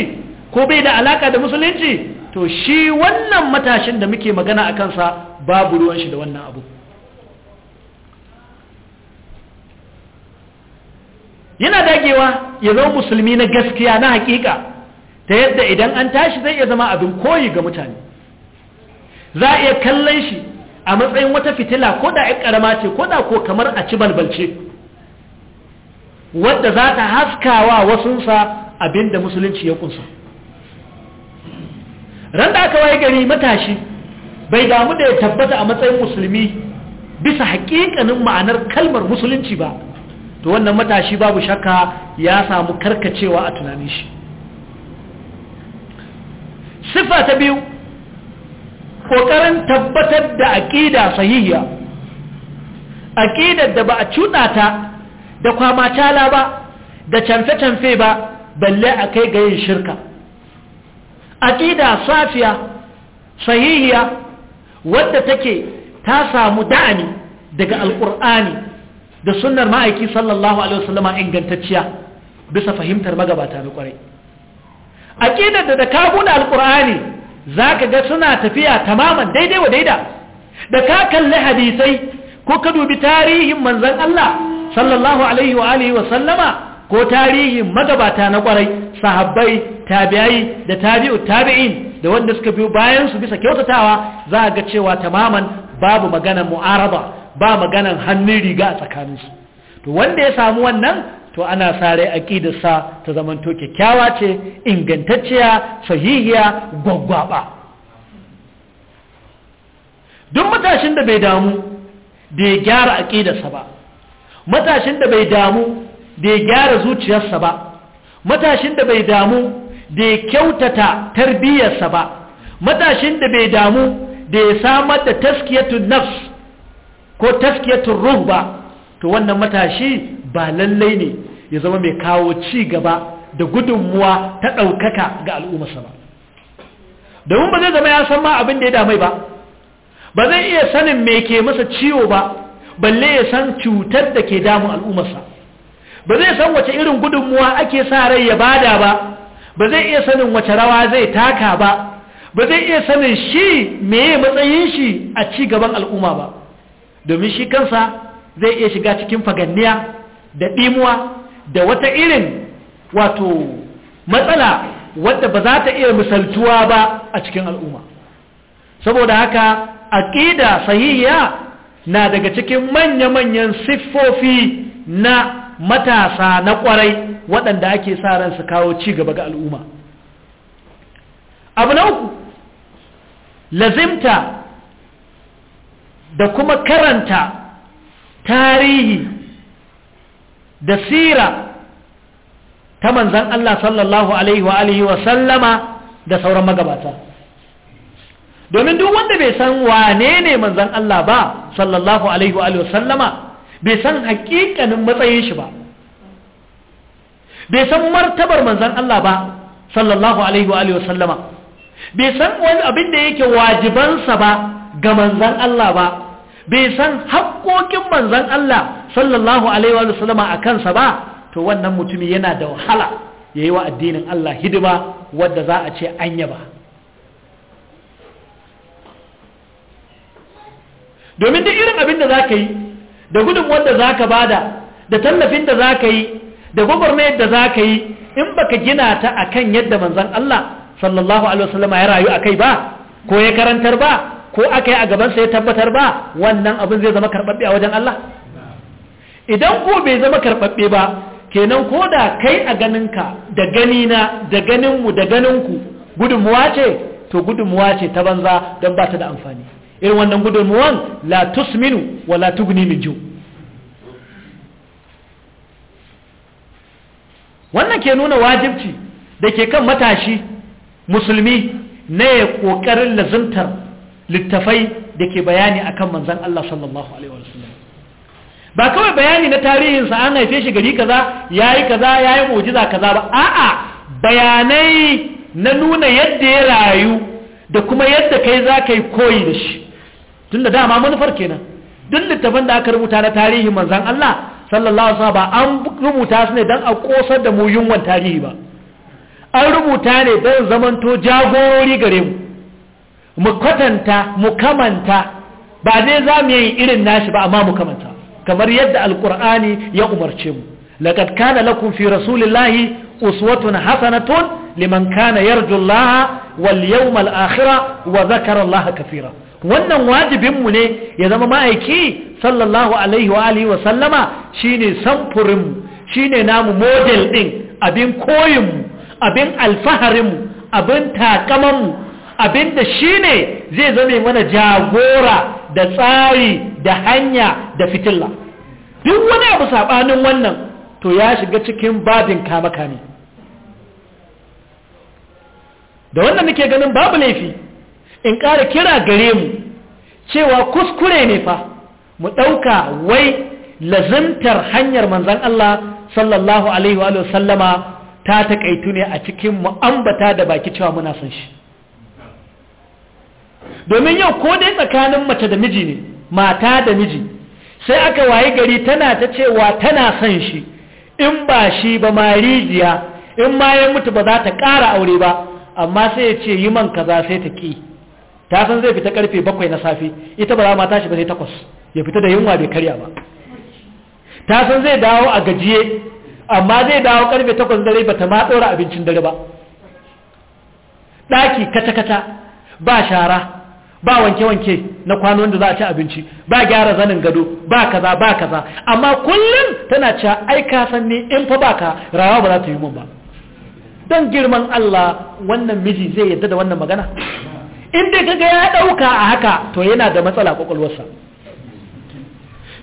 ko bai da alaka da musulunci to shi wannan matashin da muke magana a kansa babu ruwan shi da wannan abu yana dagewa ya zama musulmi na gaskiya na hakika ta yadda idan an tashi zai iya zama abin koyi ga mutane za a iya kallon shi a matsayin wata fitila ko da ƴan ƙarama ce ko da ko kamar a ci balbalce wadda za ta haskawa wasunsa sa abinda musulunci ya kunsa ran aka waye gari matashi bai damu da ya tabbata a matsayin musulmi bisa haƙiƙanin ma'anar kalmar musulunci ba to wannan matashi babu shakka ya samu karkacewa a tunanin shi siffa ta biyu ƙoƙarin tabbatar da aƙida sahihiya aƙidar da ba a cuɗa ta da cala ba da canfe-canfe ba balle a kai ga yin shirka aƙida safiya sahihiya wadda take ta samu da'ani daga Alkur'ani da sunnar ma'aiki sallallahu alaihi wasallama ingantacciya bisa fahimtar magabata na kwarai aqidar da ka kabuna alkur'ani zaka ga suna tafiya tamaman daidai wa daida da ka kalli hadisai ko ka dubi tarihin manzon Allah sallallahu alaihi wa alihi wasallama ko tarihin magabata na kwarai sahabbai tabi'ai da tabi'u tabi'in da wanda suka biyo bayan su bisa kyautatawa za a ga cewa tamaman babu maganan mu'araba ba maganan hannun riga a tsakaninsu to wanda ya samu wannan to ana sare aqidarsa ta zamanto kyakkyawa ce ingantacciya sahihiya gwaggwaba duk matashin da bai damu da ya gyara aqidarsa ba matashin da bai damu da ya gyara zuciyarsa ba matashin da bai damu ya kyautata tarbiyyarsa ba matashin da bai damu da ya samar da taskiyatun nafs ko taskiyatun ruh ba to wannan matashi ba lallai ne ya zama mai kawo ci gaba da gudunmuwa ta ɗaukaka ga al'ummarsa ba domin ba zai zama ya san ma abin da ya damai ba ba zai iya sanin me ke masa ciwo ba balle ya san cutar da ke damun al'ummarsa ba zai san wace irin gudunmuwa ake sa rai ya bada ba ba zai iya sanin wace rawa zai taka ba ba zai iya sanin shi meye matsayin shi a ci gaban al'umma ba domin shi kansa zai iya shiga cikin faganniya da ɗimuwa da wata irin wato matsala wadda ba za ta iya misaltuwa ba a cikin al'umma saboda haka aƙida sahiya na daga cikin manya-manyan siffofi na matasa na ƙwarai waɗanda ake sa ran su kawo ci gaba ga al'umma abu na uku lazimta da kuma karanta tarihi da sira ta manzan Allah sallallahu alaihi wa wa sallama da sauran magabata domin duk wanda bai san wane ne manzan Allah ba sallallahu alaihi wa wa sallama bai san hakikanin matsayin shi ba bai san martabar manzan Allah ba sallallahu alaihi wa alihi sallama bai san wani abin da yake wajibansa ba ga manzan Allah ba bai san haƙoƙin manzan Allah sallallahu alaihi wa sallama a kansa ba to wannan mutumi yana da wahala ya yi wa addinin Allah hidima wadda za a ce an yaba domin da irin abin da za ka yi da gudun wanda za ka bada da tallafin da za ka yi da gwagwarmayar da za ka yi in baka gina ta a kan yadda manzon Allah sallallahu alaihi wasallama ya rayu a kai ba ko ya karantar ba ko aka yi a gabansa ya tabbatar ba wannan abin zai zama karɓaɓɓe a wajen Allah idan ko bai zama karɓaɓɓe ba kenan ko da kai a ganinka da ganina da ganinmu da ganinku gudunmuwa ce to gudunmuwa ce ta banza don ba ta da amfani irin wannan gudunmuwan la tusminu wa la tugni min wannan ke nuna wajibci da ke kan matashi musulmi na ya ƙoƙarin lazimtar littafai da ke bayani a kan manzan Allah sallallahu alaihi wasallam ba kawai bayani na tarihinsa an haife shi gari kaza ya yi kaza ya yi mu'jiza kaza ba a'a bayanai na nuna yadda ya rayu da kuma yadda kai za ka yi koyi da shi tun da dama manufar kenan duk littafin da aka rubuta na tarihin manzan Allah sallallahu alaihi ba an rubuta su ne don a kosar da mu yunwan tarihi ba an rubuta ne don zamanto jagorori gare mu mu kwatanta mu kamanta ba dai za mu yi irin nashi ba amma mu kamanta kamar yadda alkur'ani ya umarce mu laqad kana lakum fi rasulillahi uswatun hasanatun liman kana yarju wal yawmal akhirah wa dhakara allaha kathira wannan wajibinmu ne ya zama ma'aiki sallallahu alaihi wa alihi wa sallama shine samfurinmu shine namu model ɗin, abin koyinmu abin alfaharinmu abin takamanmu abin da shine zai zame mana jagora da tsari da hanya da fitilla duk wani abu saɓanin wannan to ya shiga cikin babin kama da wannan muke ganin babu laifi in ƙara kira gare mu cewa kuskure ne fa mu ɗauka wai lazimtar hanyar manzan Allah sallallahu alaihi wa sallama ta taƙaitu ne a cikin mu'ambata da baki cewa muna son shi domin yau ko dai tsakanin mace da miji ne mata da miji sai aka wayi gari tana ta cewa tana son shi in ba shi ba ma rijiya in ma ya mutu ba za ta ƙara aure ba amma sai ya ce yi man kaza sai ta ƙi ta san zai fita karfe bakwai na safe ita ba za ma tashi ba zai takwas ya fita da yunwa bai karya ba ta san zai dawo a gajiye amma zai dawo karfe takwas dare ba ta ma tsora abincin dare ba ɗaki kata-kata ba shara ba wanke-wanke na kwanon da za a ci abinci ba gyara zanin gado ba kaza ba kaza amma kullum tana cewa ai ka san ni in fa baka rawa ba za ta yi mun ba don girman Allah wannan miji zai yadda da wannan magana inda kaga ya ɗauka a haka to yana da matsala kwakwalwarsa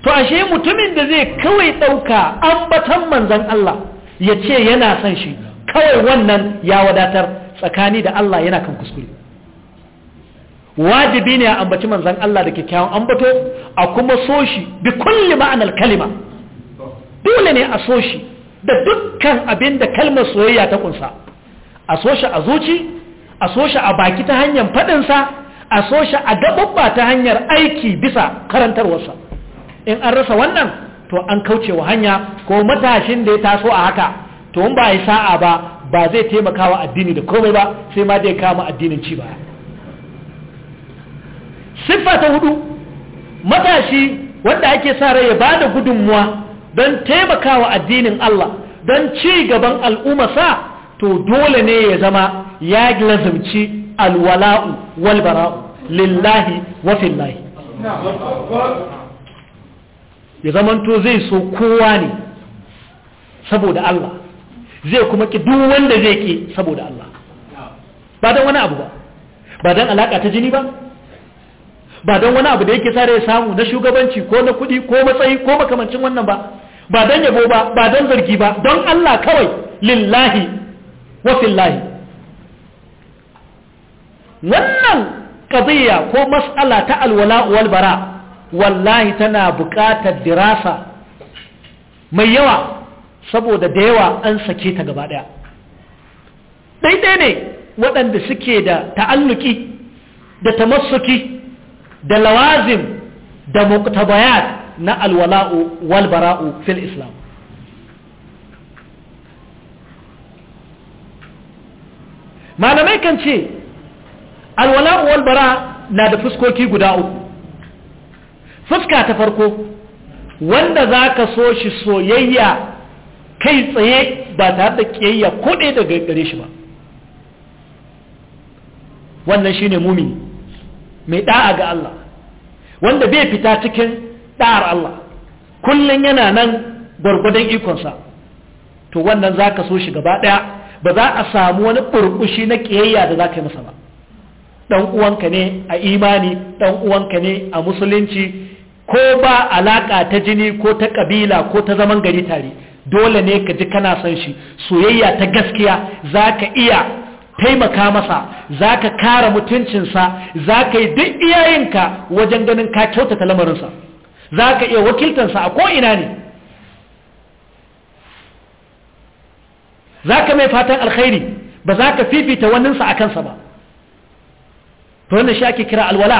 to ashe mutumin da zai kawai ɗauka ambatan manzan Allah ya ce yana son shi kawai wannan ya wadatar tsakani da Allah yana kan kuskure wajibi ne a ambaci manzan Allah da kyakkyawan ambato a kuma so shi bi kulli ma'anar kalima dole ne a so shi da dukkan abin da kalmar soyayya ta kunsa a so shi a zuci a so a baki ta hanyar faɗinsa a so a gaɓaɓɓa ta hanyar aiki bisa karantarwarsa in an rasa wannan to an kaucewa hanya ko matashin da ya taso a haka to in ba yi sa'a ba ba zai taimaka wa addini da komai ba sai ma ya kama addinin ci ba. siffa ta hudu matashi wanda ake sa rai ya bada gudunmuwa don taimakawa addinin Allah don ci gaban al'umma sa. to dole ne ya zama ya lazumci alwala'u wal bara'u lillahi wa fillahi ya to zai so kowa ne saboda Allah zai kuma ki duk wanda zai ki saboda Allah ba don wani abu ba ba don alaka ta jini ba ba don wani abu da yake sare samu na shugabanci ko na kudi ko matsayi ko makamancin wannan ba ba don yabo ba ba don zargi ba don Allah kawai lillahi wa lahi. wannan qadiyya ko mas'ala ta alwala walbara wallahi tana buƙatar dirasa mai yawa saboda da yawa an sake ta gaba ɗaya daidai ne waɗanda suke da ta'alluki da tamassuki da lawazim da muktabayat na alwala'u walbara'u fil islam malamai kan ce alwala wal bara na da fuskoki guda uku fuska ta farko wanda za ka so shi soyayya kai tsaye ba ta da kiyayya ko ɗaya daga gare shi ba wannan shine mumini mai ɗa'a ga Allah wanda bai fita cikin ɗa'ar Allah kullum yana nan gwargwadon ikonsa to wannan za ka so shi gaba ɗaya ba za a samu wani burbushi na kiyayya da za ka yi masa ba Ɗan uwanka ne a imani Ɗan uwanka ne a musulunci ko ba alaƙa ta jini ko ta kabila ko ta zaman gari tare dole ne ka ji kana son shi soyayya ta gaskiya za ka iya taimaka masa za ka kara mutuncinsa za ka yi duk iyayenka wajen ganin ka kyautata lamarinsa za ka iya wakiltansa a ko'ina ne za ka mai fatan alkhairi ba za ka fifita waninsa a kansa ba to wannan shi ake kira alwala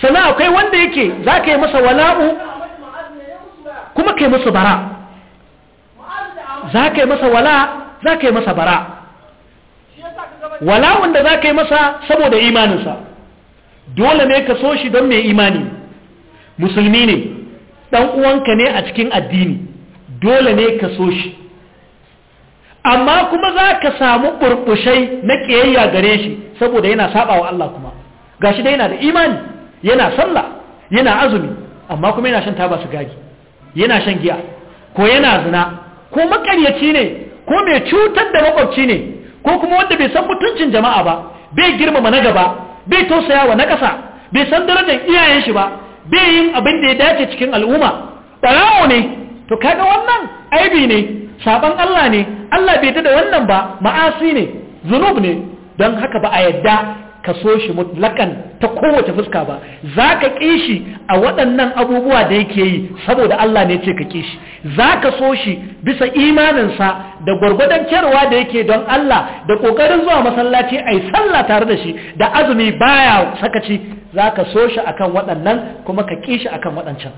sannan akwai wanda yake za ka yi masa wala'u kuma ka yi masa bara za ka yi masa wala za ka yi masa bara wala'un da za ka yi masa saboda imaninsa dole ne ka so shi don mai imani musulmi ne ɗan uwanka ne a cikin addini dole ne ka so shi amma kuma za ka samu burbushai na ƙiyayya gare shi saboda yana saba wa Allah kuma Ga shi dai yana da imani yana sallah yana azumi amma kuma yana shan taba sigari yana shan giya ko yana zina ko makaryaci ne ko mai cutar da makwabci ne ko kuma wanda bai san mutuncin jama'a ba bai girmama na gaba bai tausaya wa na ƙasa bai san darajar iyayen shi ba bai yin abin da ya dace cikin al'umma ɓarawo ne to kaga wannan aibi ne saban Allah ne Allah bai da wannan ba ma'asi ne zunub ne don haka ba a yadda ka so shi mutlakan ta kowace fuska ba za ka ƙi shi a waɗannan abubuwa da yake yi saboda Allah ne ce ka ƙi shi za ka so shi bisa imaninsa da gwargwadon kyarwa da yake don Allah da ƙoƙarin zuwa masallaci a yi sallah tare da shi da azumi baya sakaci za ka so shi akan waɗannan kuma ka ƙi shi akan waɗancan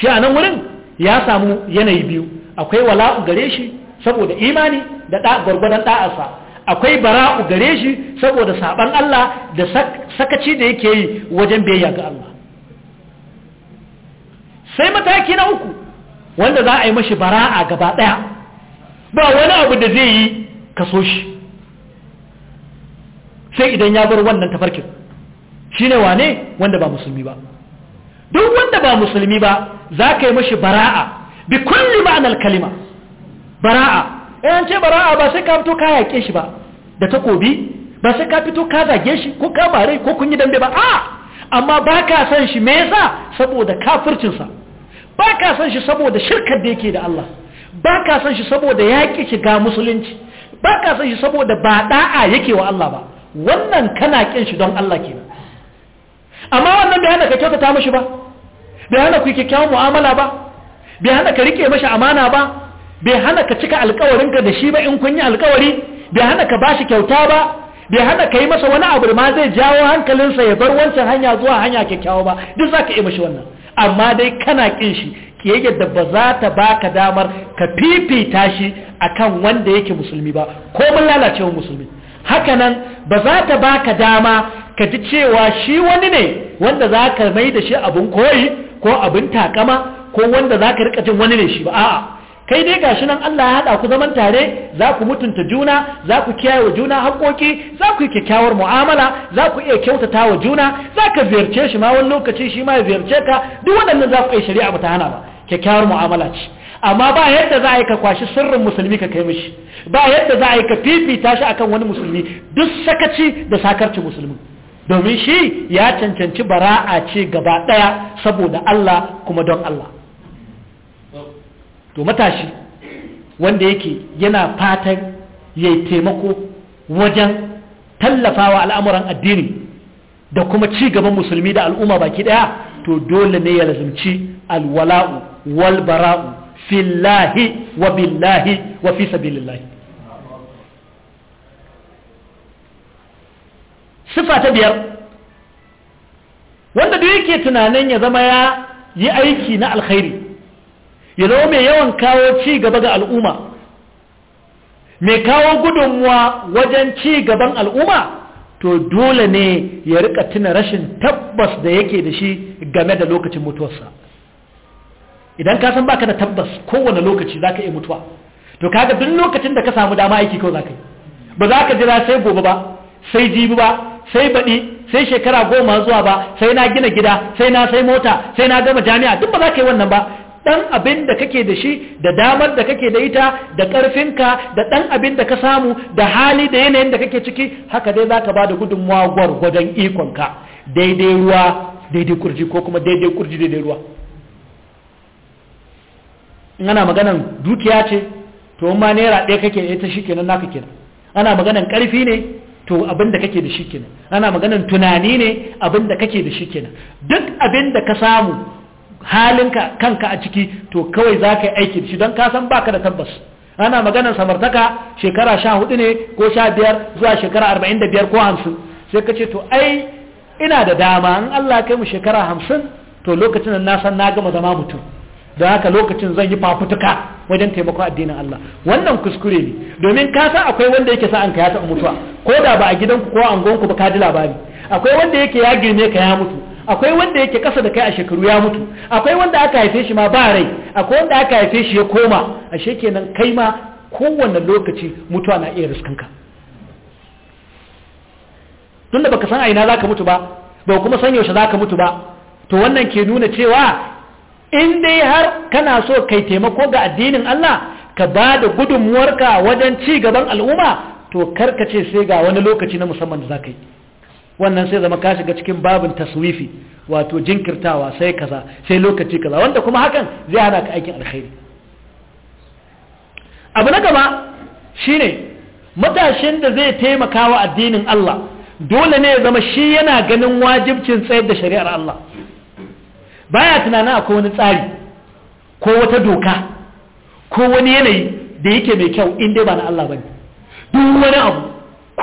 shi a nan wurin ya samu yanayi biyu akwai wala'u gare shi saboda imani da gwargwadon ɗa'arsa akwai bara'u gare shi saboda saɓan Allah da sakaci da yake yi wajen biyayya ga Allah sai mataki na uku wanda za a yi mashi bara'a gaba ɗaya ba wani abu da zai yi kaso shi sai idan ya bar wannan tafarkin shi wane wanda ba musulmi ba duk wanda ba musulmi ba za ka yi mashi bara'a bi kulli ma'anar kalima bara'a yan ce bara'a ba sai ka fito ka yaƙe shi ba da takobi ba sai ka fito ka zage shi ko ka mare ko kun yi dambe ba a amma ba ka san shi me yasa saboda kafircinsa ba ka san shi saboda shirkar da yake da Allah ba ka san shi saboda yaƙi shiga musulunci ba ka san shi saboda ba ɗa'a yake wa Allah ba wannan kana ƙin shi don Allah kenan amma wannan bai hana ka kyautata mishi ba bai hana ku kyakkyawan mu'amala ba bai hana ka rike mashi amana ba bai hana ka cika ka da shi ba in kun yi alkawari bai hana ka bashi kyauta ba bai hana ka yi masa wani abu da ma zai jawo hankalin sa ya bar wancan hanya zuwa hanya kyakkyawa ba duk za ka yi mashi wannan amma dai kana kin shi kiyayyar da ba za ta baka damar ka fifita shi akan wanda yake musulmi ba ko mun lalace lalacewa musulmi hakanan ba za ta baka dama ka ji cewa shi wani ne wanda za ka mai da shi abin koyi ko abin takama ko wanda za ka rika jin wani ne shi ba a'a kai dai gashi nan Allah ya haɗa ku zaman tare za ku mutunta juna za ku kiyaye wa juna haƙoƙi za ku yi kyakkyawar mu'amala za ku iya kyautata wa juna za ka ziyarce shi ma wani lokaci shi ma ya ziyarce ka duk waɗannan za ku yi shari'a ba ta hana ba kyakkyawar mu'amala ce amma ba yadda za a yi ka kwashi sirrin musulmi ka kai mishi ba yadda za a yi ka fifita shi akan wani musulmi duk sakaci da sakarci musulmi domin shi ya cancanci bara'a ce gaba ɗaya saboda Allah kuma don Allah to matashi wanda yake yana fatan ya taimako wajen tallafawa al'amuran addini da kuma ci gaban musulmi da al'umma baki ɗaya to dole ne ya lazumci alwala'u wal fillahi wa billahi wa fi sabilillahi sifa ta biyar wanda duk yake tunanin ya zama ya yi aiki na alkhairi ya zama mai yawan kawo ci gaba ga al'umma mai kawo gudunmuwa wajen ci gaban al'umma to dole ne ya rika tuna rashin tabbas da yake da shi game da lokacin mutuwarsa idan ka san baka da tabbas kowane lokaci zaka iya mutuwa to kaga duk lokacin da ka samu dama aiki kawai zaka yi ba za ka jira sai gobe ba sai jibi ba sai baɗi sai shekara goma zuwa ba sai na gina gida sai na sai mota sai na gama jami'a duk ba za ka yi wannan ba ɗan abin da kake da shi da damar da kake da ita da ƙarfinka da ɗan abin da ka samu da hali da yanayin da kake ciki haka dai za ka ba da gudunmawa gwargwadon ikonka daidai ruwa daidai kurji ko kuma daidai kurji daidai ruwa in ana maganan dukiya ce to ma naira ɗaya kake ita shi kenan naka kenan ana maganan ƙarfi ne to abin da kake da shi kenan ana maganan tunani ne abin da kake da shi kenan duk abin da ka samu halinka kanka a ciki to kawai za ka yi aiki da shi don ka san baka da tabbas ana maganar samartaka shekara sha hudu ne ko sha biyar zuwa shekara arba'in da biyar ko hamsin sai ka ce to ai ina da dama in allah kai mu shekara hamsin to lokacin na san na gama zama mutum da haka lokacin zan yi fafutuka wajen taimakon addinin Allah wannan kuskure ne domin ka san akwai wanda yake sa an ka ya taɓa mutuwa ko da ba a gidanku ko a angonku ba ka ji labari akwai wanda yake ya girme ka ya mutu akwai wanda yake kasa da kai a shekaru ya mutu akwai wanda aka haife shi ma ba rai akwai wanda aka haife shi ya koma ashe kenan kai ma kowane lokaci mutuwa na iya ka tunda baka san a ina zaka mutu ba ba kuma san yaushe zaka mutu ba to wannan ke nuna cewa in dai har kana so kai taimako ga addinin Allah ka ba da gudunmuwarka wajen ci gaban al'umma to kar ka ce sai ga wani lokaci na musamman da za ka yi wannan sai zama ka shiga cikin babin taswifi wato jinkirtawa sai kaza sai lokaci kaza wanda kuma hakan zai hana ka aikin alkhairi abu na gaba shine matashin da zai taimaka wa addinin Allah dole ne ya zama shi yana ganin wajibcin tsayar da shari'ar Allah baya tunanin akwai wani tsari ko wata doka ko wani yanayi da yake mai kyau in dai ba na Allah bane duk wani abu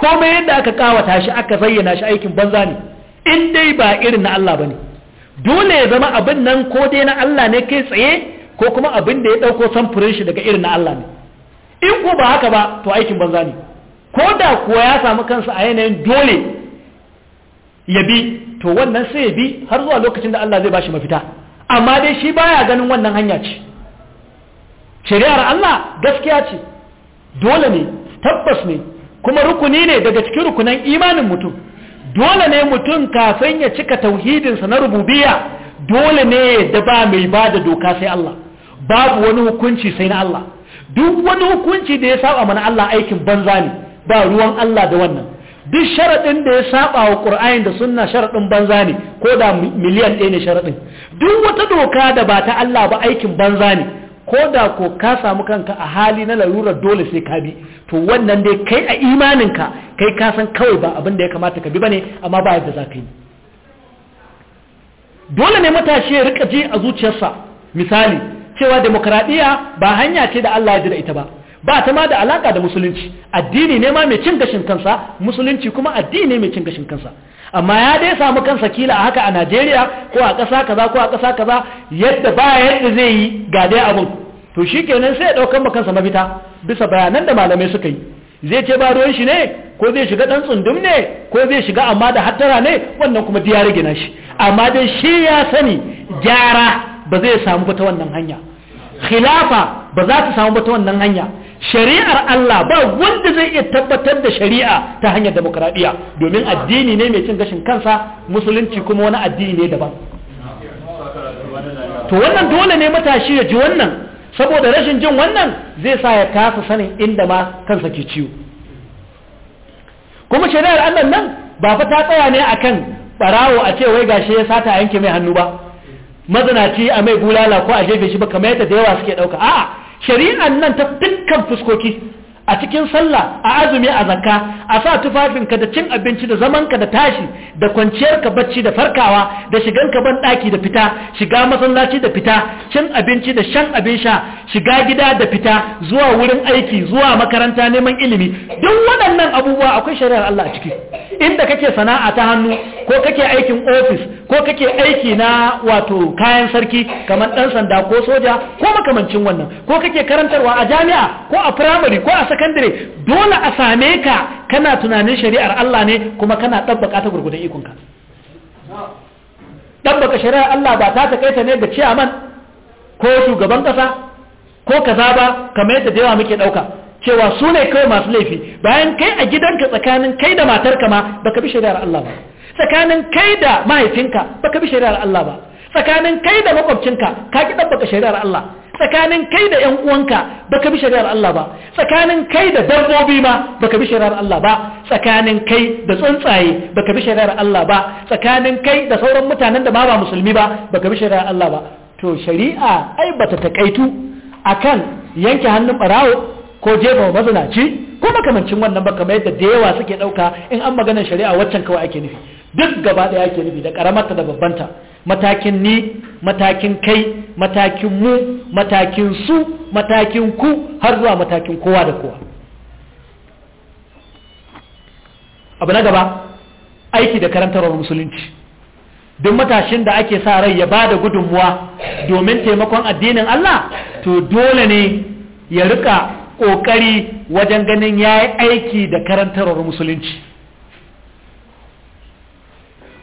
komai yadda aka kawata shi aka zayyana shi aikin banza ne in dai ba irin na Allah bane dole ya zama abin nan ko dai na Allah ne kai tsaye ko kuma abin da ya dauko samfurin shi daga irin na Allah ne in ko ba haka ba to aikin banza ne ko da kuwa ya samu kansa a yanayin dole ya bi to wannan sai ya bi har zuwa lokacin da Allah zai bashi mafita amma dai shi baya ganin wannan hanya ce shari'ar Allah gaskiya ce dole ne tabbas ne kuma rukuni ne daga cikin rukunan imanin mutum dole ne mutum kafin ya cika tauhidinsa na rububiya dole ne da ba mai ba da doka sai Allah babu wani hukunci sai na Allah duk wani hukunci da ya saba mana Allah aikin banza ne ba ruwan Allah da wannan duk sharaɗin da ya saba wa ƙur'ayin da sunna sharaɗin banza ne ko da miliyan ɗaya ne sharaɗin duk wata doka da ba ta Allah ba aikin banza ne ko da ko ka samu kanka a hali na larurar dole sai ka bi to wannan dai kai a imaninka kai ka san kawai ba abin da ya kamata ka bi ba ne? amma ba yadda za ka yi dole ne matashi ya rika ji a zuciyarsa misali cewa demokradiyya ba hanya ce da Allah ya ji da ita ba ba ta ma da alaka da musulunci addini ne ma mai cin gashin kansa musulunci kuma addini ne mai cin gashin kansa amma ya dai samu kansa kila a haka a Najeriya ko a ƙasa kaza ko a ƙasa kaza yadda ba yadda zai yi ga dai abun to shikenan sai ya ma kansa mafita bisa bayanan da malamai suka yi zai ce ba ruwan shi ne ko zai shiga ɗan tsundum ne ko zai shiga amma da hattara ne wannan kuma diyar gina shi amma dai shi ya sani gyara ba zai samu ba ta wannan hanya khilafa ba za ta samu ba ta wannan hanya shari'ar Allah ba wanda zai iya tabbatar da shari'a ta hanyar demokradiyya domin addini ne mai cin gashin kansa musulunci kuma wani addini ne daban to wannan dole ne matashi ya ji wannan saboda rashin jin wannan zai sa ya kasa sanin inda ma kansa ke ciwo kuma shari'ar Allah nan ba fa ta tsaya ne akan barawo a ce wai gashi ya sata yanke mai hannu ba Mazanaci a mai bulala ko a jefe shi ba kamar yadda da yawa suke dauka a'a shari'an nan ta dukkan fuskoki a cikin sallah a azumi a zakka a sa tufafinka da cin abinci da zamanka da tashi da kwanciyarka bacci da farkawa da shiganka ban daki da fita shiga masallaci da fita cin abinci da shan abin sha shiga gida da fita zuwa wurin aiki zuwa makaranta neman ilimi duk waɗannan abubuwa akwai shari'ar Allah a ciki inda kake sana'a ta hannu ko kake aikin ofis ko kake aiki na wato kayan sarki kamar ɗan sanda ko soja ko makamancin wannan ko kake karantarwa a jami'a ko a firamare ko a sakandare dole a same ka kana tunanin shari'ar Allah ne kuma kana ɗabbaka ta gurgudan ikonka ɗabbaka shari'ar Allah ba ta takaita ne ga ciyaman ko shugaban ƙasa ko kaza ba kamar yadda da yawa muke ɗauka cewa su ne kawai masu laifi bayan kai a gidanka tsakanin kai da matarka ma baka bi shari'ar Allah ba tsakanin kai da mahaifinka baka bi shari'ar Allah ba tsakanin kai da makwabcinka ka ki ɗabbaka shari'ar Allah tsakanin kai da yan uwanka baka bi shari'ar Allah ba tsakanin kai da dabbobi ma baka bi shari'ar Allah ba tsakanin kai da tsuntsaye baka bi shari'ar Allah ba tsakanin kai da sauran mutanen da ba ba musulmi ba baka bi shari'ar Allah ba to shari'a ai bata takaitu akan yanke hannun barawo ko jefa mazinaci ko makamancin wannan ba kamar yadda da yawa suke ɗauka in an magana shari'a waccan kawai ake nufi duk gaba ɗaya ke nufi da ta, da babbanta matakin ni matakin kai matakin mu matakin su matakin ku har zuwa matakin kowa da kowa abu na gaba aiki da karantarwar musulunci duk matashin da ake sa rai ya ba da gudunmuwa domin taimakon addinin Allah to dole ne ya rika ƙoƙari wajen ganin ya yi aiki da karantarwar musulunci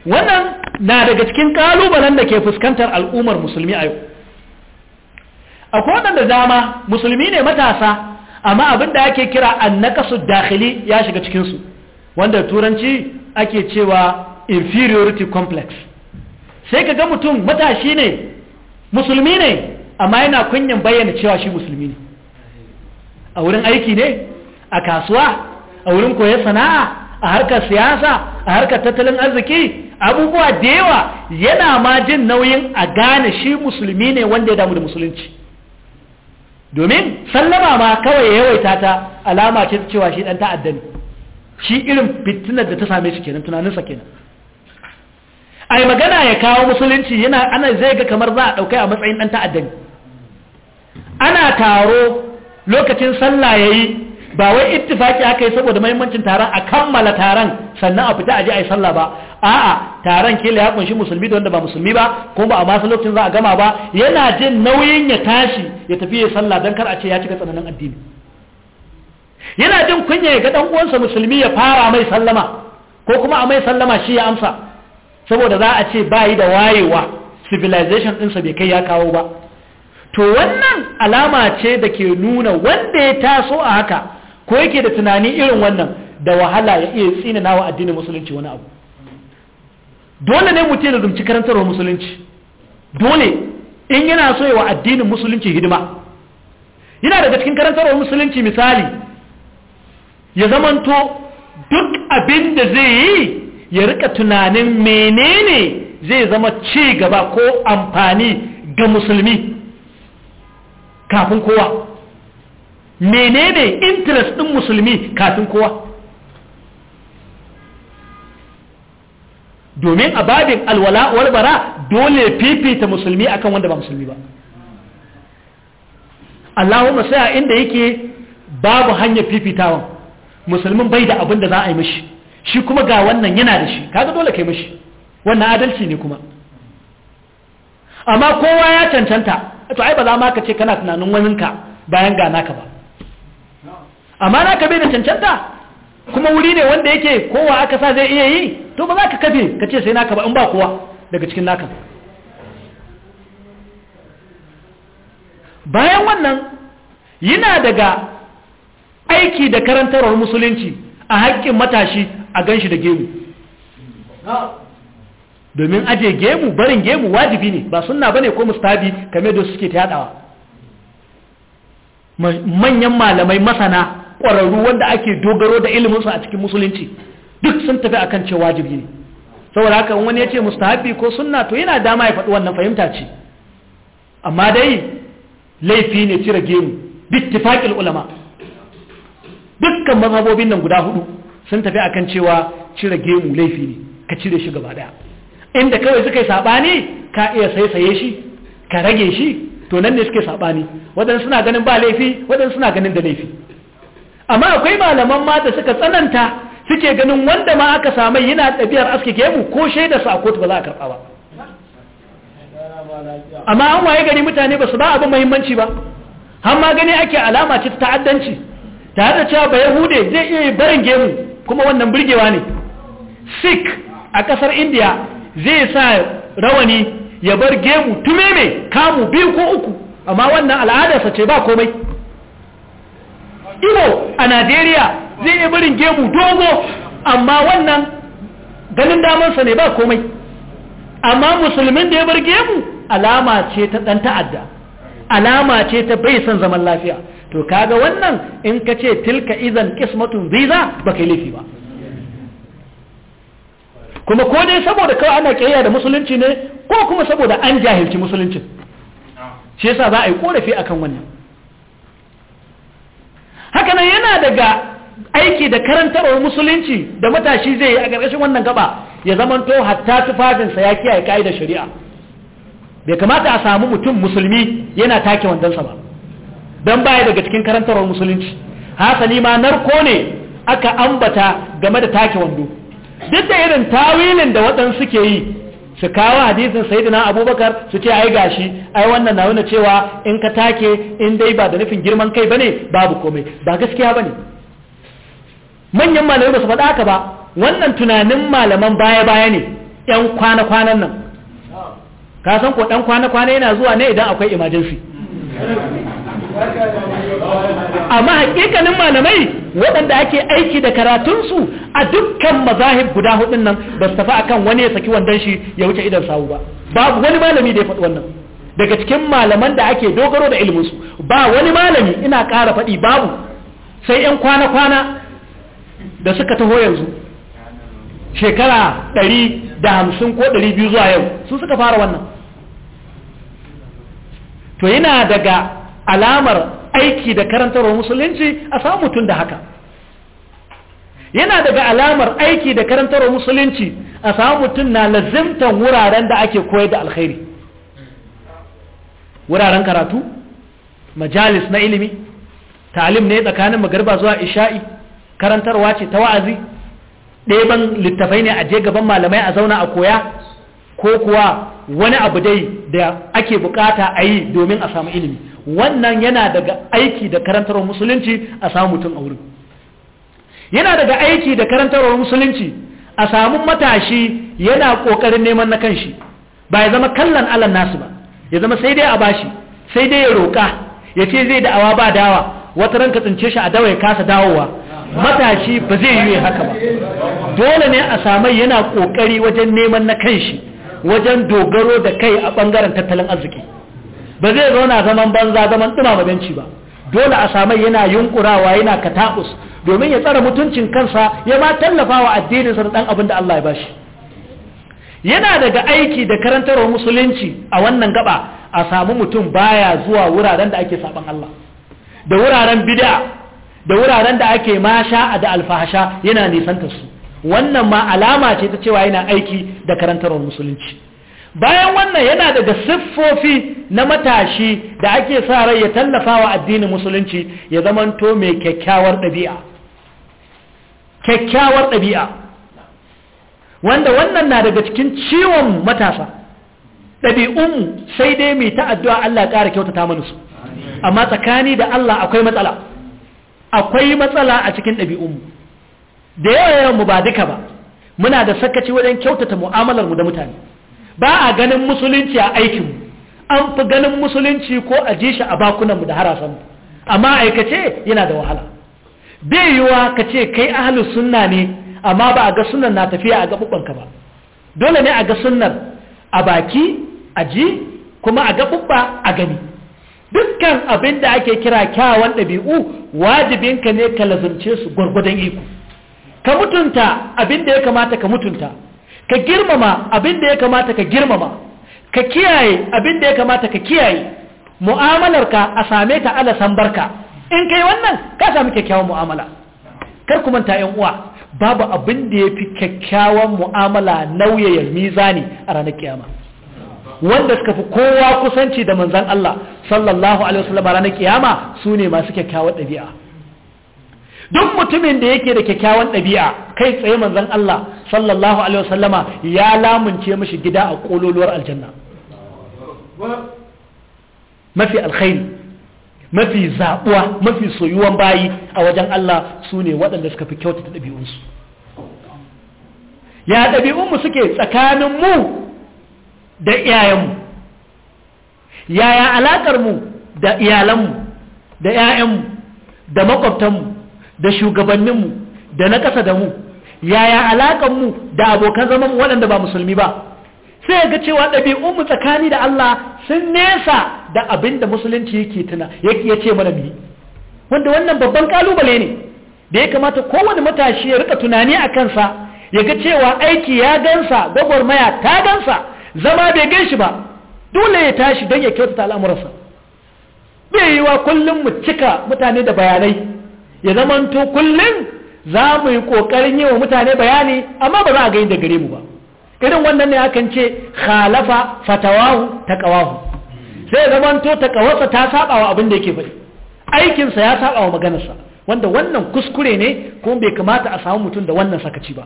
wannan na daga cikin kalubalen da ke fuskantar al'ummar musulmi a yau akwai waɗanda dama musulmi ne matasa amma abin da ake kira annakasu dakhili ya shiga cikinsu wanda turanci ake cewa inferiority complex sai ka ga mutum matashi ne musulmi ne amma yana kunyan bayyana cewa shi musulmi ne a wurin aiki ne a kasuwa a wurin koyon sana'a a harkar siyasa a harkar tattalin arziki abubuwa da yawa yana ma jin nauyin a gane shi musulmi ne wanda ya damu da musulunci domin sallama ma kawai ya yawaita ta alama ce cewa shi dan ta'adda shi irin fitinar da ta same shi kenan tunaninsa kenan ai magana ya kawo musulunci yana ana zai ga kamar za a ɗaukai a matsayin dan ta'adda ana taro lokacin sallah yayi ba wai ittifaki aka yi saboda mahimmancin taron a kammala taron sannan a fita a je a yi sallah ba a'a taron kila ya kunshi musulmi da wanda ba musulmi ba ko ba a masu lokacin za a gama ba yana jin nauyin ya tashi ya tafi ya sallah don kar a ce ya cika tsananin addini yana jin kunya ya ga dan uwansa musulmi ya fara mai sallama ko kuma a mai sallama shi ya amsa saboda za a ce ba yi da wayewa civilization ɗinsa bai kai ya kawo ba to wannan alama ce da ke nuna wanda ya taso a haka ko yake da tunani irin wannan da wahala ya iya tsina nawa addinin musulunci wani abu dole ne mutum ya zumci karantarwa musulunci dole in yana so wa addinin musulunci hidima yana daga cikin karantarwa musulunci misali ya zamanto duk abin da zai yi ya rika tunanin menene zai zama ci gaba ko amfani ga musulmi kafin kowa menene interest ɗin musulmi kafin kowa domin a babin alwala walbara dole fifita musulmi akan wanda ba musulmi ba Allahumma sai a inda yake babu hanyar fifitawa musulmin bai da abin da za a yi mishi shi kuma ga wannan yana da shi kaga dole kai mishi wannan adalci ne kuma amma kowa ya cancanta to ai ba za ma ka ce kana tunanin waninka bayan ga naka ba amma na ka bai da cancanta kuma wuri ne wanda yake kowa aka sa zai iya yi to ba za ka kafe ka ce sai naka ba in ba kowa daga cikin naka bayan wannan yana daga aiki da karantarwar musulunci a haƙƙin matashi a ganshi da gemu domin aje gemu barin gemu wajibi ne ba suna ba ne ko mustabi kamar da suke ta yadawa manyan malamai masana ƙwararru wanda ake dogaro da iliminsu a cikin musulunci duk sun tafi a kan ce wajibi ne saboda haka wani ya ce mustahabi ko sunna to yana dama ya faɗi wannan fahimta ce amma dai laifi ne cire gemu bittifaqil ulama dukkan mazhabobin nan guda hudu sun tafi akan cewa cire gemu laifi ne ka cire shi gaba daya inda kawai suka yi sabani ka iya sai-saye shi ka rage shi to nan ne suke saɓani waɗansu suna ganin ba laifi waɗansu suna ganin da laifi amma akwai malaman ma da suka tsananta suke ganin wanda ma aka samu yana ɗabi'ar aski gemu ko shaida su a kotu ba za a karɓa ba amma an waye gari mutane ba su ba abin muhimmanci ba har ma gani ake alama ce ta'addanci tare da cewa ba yahude zai iya barin gemu kuma wannan burgewa ne sikh a ƙasar indiya zai sa rawani ya bar gemu tumeme kamu biyu ko uku amma wannan al'adarsa ce ba komai ibo a najeriya zai yi barin gemu dogo amma wannan ganin damansa ne ba komai amma musulmin da ya bar gemu alama ce ta ɗan ta'adda alama ce ta bai san zaman lafiya to kaga wannan in ka ce tilka izan kismatun Visa ba kai laifi ba kuma ko dai saboda kawai ana kiyaya da musulunci ne ko kuma saboda an jahilci musulunci shi yasa za a yi korafi akan wannan haka nan yana daga aiki da karantarwar musulunci da matashi zai yi a ƙarƙashin wannan gaba ya zamanto hatta tufafinsa ya kiyaye ka'idar shari'a bai kamata a samu mutum musulmi yana take wandonsa ba don baya daga cikin karantarwar musulunci hasali ma narko ne aka ambata game da take wando duk da irin tawilin da waɗansu ke yi su kawo hadisin sayyidina abubakar su ce ai gashi ai wannan na nuna cewa in ka take in dai ba da nufin girman kai bane babu komai ba gaskiya bane manyan malamai ba su faɗa haka ba wannan tunanin malaman baya baya ne yan kwana kwanan nan ka san ko ɗan kwana kwana yana zuwa ne idan akwai emergency amma hakikanin malamai waɗanda ake aiki da karatunsu a dukkan mazahib guda hudun nan ba su tafi akan wani ya saki wandon shi ya wuce idan sawu ba babu wani malami da ya faɗi wannan daga cikin malaman da ake dogaro da ilminsu ba wani malami ina ƙara faɗi babu sai 'yan kwana-kwana da suka taho yanzu shekara ɗari da hamsin ko ɗari biyu zuwa yau su suka fara wannan to yana daga alamar aiki da karantarwar musulunci a samu tun da haka yana daga alamar aiki da karantarwar musulunci a samu tun na lazimtan wuraren da ake koyar da alkhairi wuraren karatu majalis na ilimi talim ne tsakanin magarba zuwa isha'i karantarwa ce ta wa'azi ɗeban littafai ne a je gaban malamai a zauna a koya ko kuwa wani abu dai da ake bukata a yi domin a samu ilimi wannan yana daga aiki da karantarwar musulunci a samu mutum a wurin yana daga aiki da karantarwar musulunci a samu matashi yana kokarin neman na kanshi ba ya zama kallon alan nasu ba ya zama sai dai a bashi sai dai ya roƙa ya ce zai da'awa ba dawa wata ran ka tsince shi a dawa ya kasa dawowa matashi ba zai yi haka ba dole ne a samu yana kokari wajen neman na kanshi wajen dogaro da kai a ɓangaren tattalin arziki ba zai zauna zaman banza zaman dumama benci ba dole a samai yana yunkurawa yana katakus domin ya tsara mutuncin kansa ya ma tallafa wa addininsa da dan abin da Allah ya bashi yana daga aiki da karantarwa musulunci a wannan gaba a samu mutum baya zuwa wuraren da ake saban Allah da wuraren bid'a da wuraren da ake masha da alfahasha yana nisanta su wannan ma alama ce ta cewa yana aiki da karantarwa musulunci bayan wannan yana daga siffofi na matashi da ake sa rai ya tallafa wa addinin musulunci ya zamanto mai kyakkyawar ɗabi'a kyakkyawar ɗabi'a wanda wannan na daga cikin ciwon matasa ɗabi'unmu sai dai mai ta addu'a Allah ƙara kyautata mana su amma tsakani da Allah akwai matsala akwai matsala a cikin ɗabi'unmu da yawa yawan mu ba duka ba muna da sakaci wajen kyautata mu'amalar mu da mutane ba a ganin musulunci a aikinmu an fi ganin musulunci ko a ji shi a bakunanmu da harasan amma aikace yana da wahala bai yiwa ka ce kai ahalus sunna ne amma ba a ga sunan na tafiya a gaɓuɓɓanka ba dole ne a ga sunnar a baki a ji kuma a gaɓuɓɓa a gani dukkan abin da ake kira kyawan ɗabi'u wajibinka ne ka lazumce su gwargwadon iko ka mutunta abin da ya kamata ka mutunta ka girmama abin da ya kamata ka girmama ka kiyaye abin da ya kamata ka kiyaye mu'amalarka a same ta ala san barka in kai wannan ka sami kyakkyawan mu'amala kar ku manta yan uwa babu abin da yafi kyakkyawan mu'amala nauyayar mizani a ranar kiyama wanda suka fi kowa kusanci da manzan Allah sallallahu alaihi wasallam ranar kiyama sune masu kyakkyawan ɗabi'a duk mutumin da yake da kyakkyawan ɗabi'a kai tsaye manzan Allah sallallahu alaihi wasallama ya lamunce mashi gida a kololuwar aljanna mafi alkhairi mafi zabuwa mafi soyuwan bayi a wajen Allah su ne waɗanda suka fi kyautata ɗabi'unsu ya ɗabi'unmu suke tsakanin mu da iyayenmu yaya alaƙarmu da iyalanmu da 'ya'yanmu da makwabtanmu da shugabanninmu da na ƙasa da mu yaya alakan mu da abokan zaman waɗanda ba musulmi ba sai ga cewa ɗabi'un mu tsakani da Allah sun nesa da abin da musulunci yake tuna ya ce mana mu. wanda wannan babban kalubale ne da ya kamata kowane matashi ya rika tunani a kansa ya ga cewa aiki ya gansa gwagwarmaya ta gansa zama bai gan shi ba dole ya tashi don ya kyautata al'amuransa bai wa kullum mu cika mutane da bayanai ya zamanto kullum za mu yi ƙoƙarin yi wa mutane bayani amma ba za a gani da gare mu ba irin wannan ne akan ce khalafa fatawahu taqawahu sai zamanto taqawasa ta saba wa abin da yake faɗi aikinsa ya saba wa maganarsa wanda wannan kuskure ne kuma bai kamata a samu mutum da wannan sakaci ba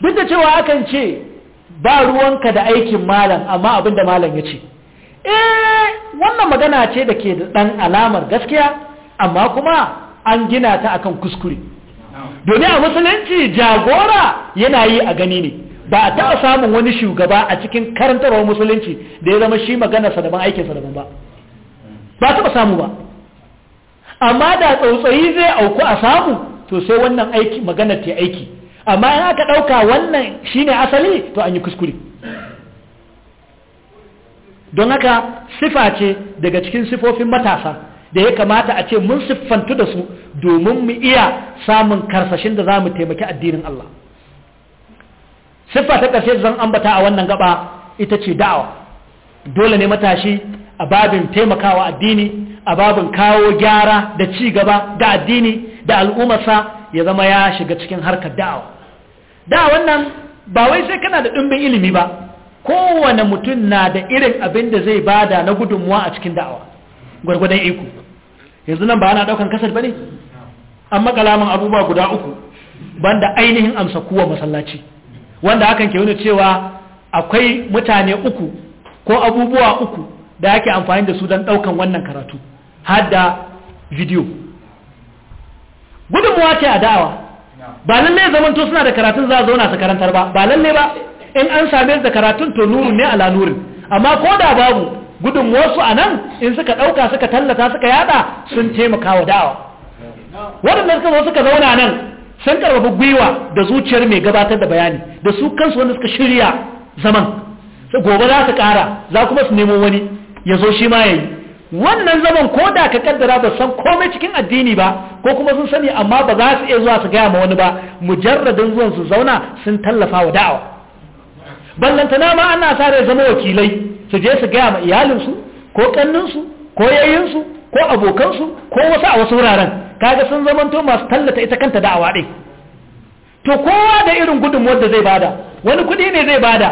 duk da cewa akan ce ba ruwanka da aikin malam amma abin da malam ya ce eh wannan magana ce da ke da ɗan alamar gaskiya amma kuma an gina ta akan kuskure domin a musulunci jagora yana yi a gani ne ba a taɓa samun wani shugaba a cikin karantarwar musulunci da ya zama shi maganarsa daban aikinsa daban ba ba taɓa samu ba amma da tsautsayi zai auku a samu to sai wannan aiki maganar ta aiki amma in aka ɗauka wannan shine asali to an yi kuskure don haka sifa ce daga cikin sifofin matasa da ya kamata a ce mun siffantu da su domin mu iya samun karsashin da za mu taimaki addinin Allah siffa ta ƙarshe zan ambata a wannan gaba ita ce da'awa dole ne matashi a babin taimakawa addini a babin kawo gyara da ci gaba ga addini da al'ummarsa ya zama ya shiga cikin harkar da'awa da'awan nan ba wai sai kana da ɗumbin ilimi ba kowane mutum na da irin abin da zai bada na gudunmuwa a cikin da'awa gwargwadon iko yanzu nan ba ana daukan kasar bane amma kalaman abubuwa guda uku banda ainihin amsa kuwa masallaci wanda hakan ke nuna cewa akwai mutane uku ko abubuwa uku da ake amfani da su don daukan wannan karatu har da video gudunmuwa ce a da'awa ba lallai to suna da karatun za a zauna su karantar ba ba lallai ba in an same da karatun to nuru ne ala nurin amma ko da babu Gudun wasu a nan in suka ɗauka suka tallata suka yada sun taimaka wa dawa waɗanda suka zo suka zauna nan sun karbabi gwiwa da zuciyar mai gabatar da bayani da su kansu wanda suka shirya zaman gobe za su ƙara za kuma su nemo wani ya zo shi ma ya yi wannan zaman ko da ka kaddara ba san komai cikin addini ba ko kuma sun sani amma ba za su iya zuwa su gaya ma wani ba mujarradin zuwan su zauna sun tallafa wa da'awa ballantana ma ana sa rai zama wakilai su je su gaya ma iyalinsu ko kanninsu ko yayinsu ko abokansu ko wasu a wasu wuraren kaga sun zamanto masu tallata ita kanta da'awa ɗin to kowa da irin gudunmuwar da zai bada wani kuɗi ne zai bada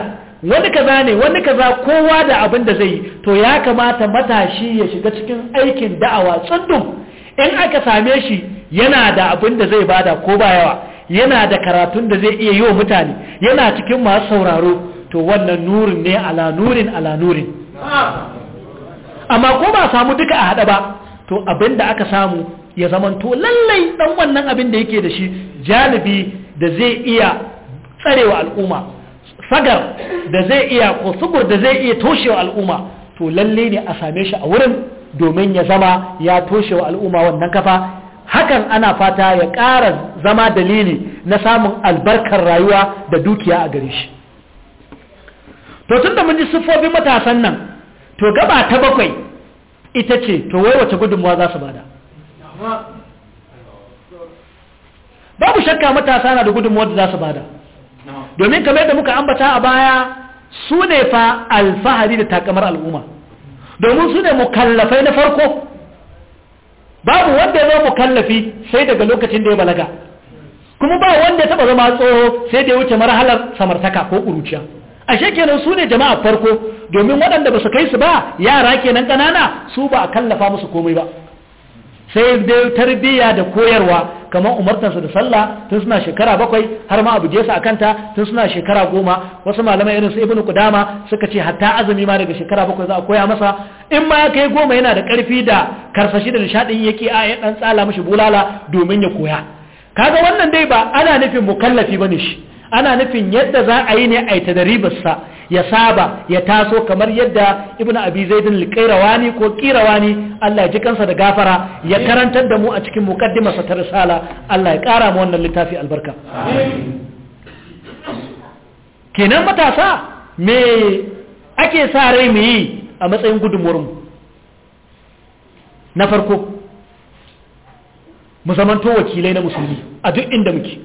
wani kaza ne wani kaza kowa da abin da zai yi to ya kamata matashi ya shiga cikin aikin da'awa tsundum in aka same shi yana da abin da zai bada ko ba yawa yana da karatun da zai iya yi wa mutane yana cikin masu sauraro to wannan nurin ne ala nurin ala nurin amma ko ba samu duka a haɗa ba to abin da aka samu ya zaman to lallai dan wannan abin da yake da shi jalibi da zai iya tsarewa al'umma sagar da zai iya ko subur da zai iya toshewa al'umma to lallai ne a same shi a wurin domin ya zama ya toshewa al'umma wannan kafa hakan ana fata ya ƙara zama dalili na samun albarkar rayuwa da dukiya a gare shi to tun da mun ji siffofin matasan nan to gaba ta bakwai ita ce to wai wace gudunmuwa za su bada babu shakka matasa na da gudunmuwa da za su bada domin kamar da muka ambata a baya su ne fa alfahari da takamar al'umma domin su ne mukallafai na farko babu wanda ya mukallafi sai daga lokacin da ya balaga kuma ba wanda ya taba zama tsoho sai da ya wuce marhalar samartaka ko ƙuruciya ashe kenan su ne jama'a farko domin waɗanda ba su kai su ba yara kenan ƙanana su ba a kallafa musu komai ba sai dai tarbiyya da koyarwa kamar umartansu da sallah tun suna shekara bakwai har ma abu jesa a kanta tun suna shekara goma wasu malamai irin su ibnu kudama suka ce hatta azumi ma daga shekara bakwai za a koya masa in ma ya kai goma yana da karfi da karsashi da nishadin yake a ya dan tsala mishi bulala domin ya koya kaga wannan dai ba ana nufin mukallafi bane shi ana nufin yadda za a yi ne a yi ta daribarsa ya saba ya taso kamar yadda ibn abi zaidin liqairawani ko qirawani Allah ya ji kansa da gafara ya karantar da mu a cikin muqaddimarsa ta risala Allah ya kara mu wannan littafi albarka kenan matasa me ake sa rai mu yi a matsayin gudunmuwar mu na farko mu zamanto wakilai na musulmi a duk inda muke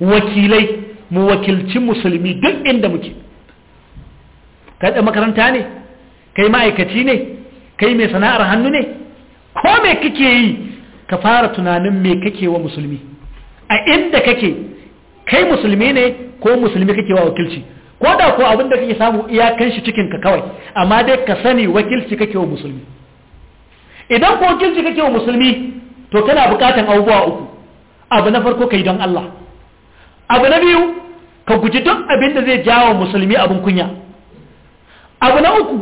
wakilai mu wakilci musulmi duk inda muke kai da makaranta ne kai ma'aikaci ne kai mai sana'ar hannu ne ko me kake yi ka fara tunanin me kake wa musulmi a inda kake kai musulmi ne ko musulmi kake wa wakilci ko da ko abinda kake samu iyakan shi cikin ka kawai amma dai ka sani wakilci kake wa musulmi idan ko wakilci kake wa musulmi to kana bukatan abubuwa uku abu na farko kai don Allah abu na biyu ka guji duk abin da zai jawo musulmi abin kunya abu na uku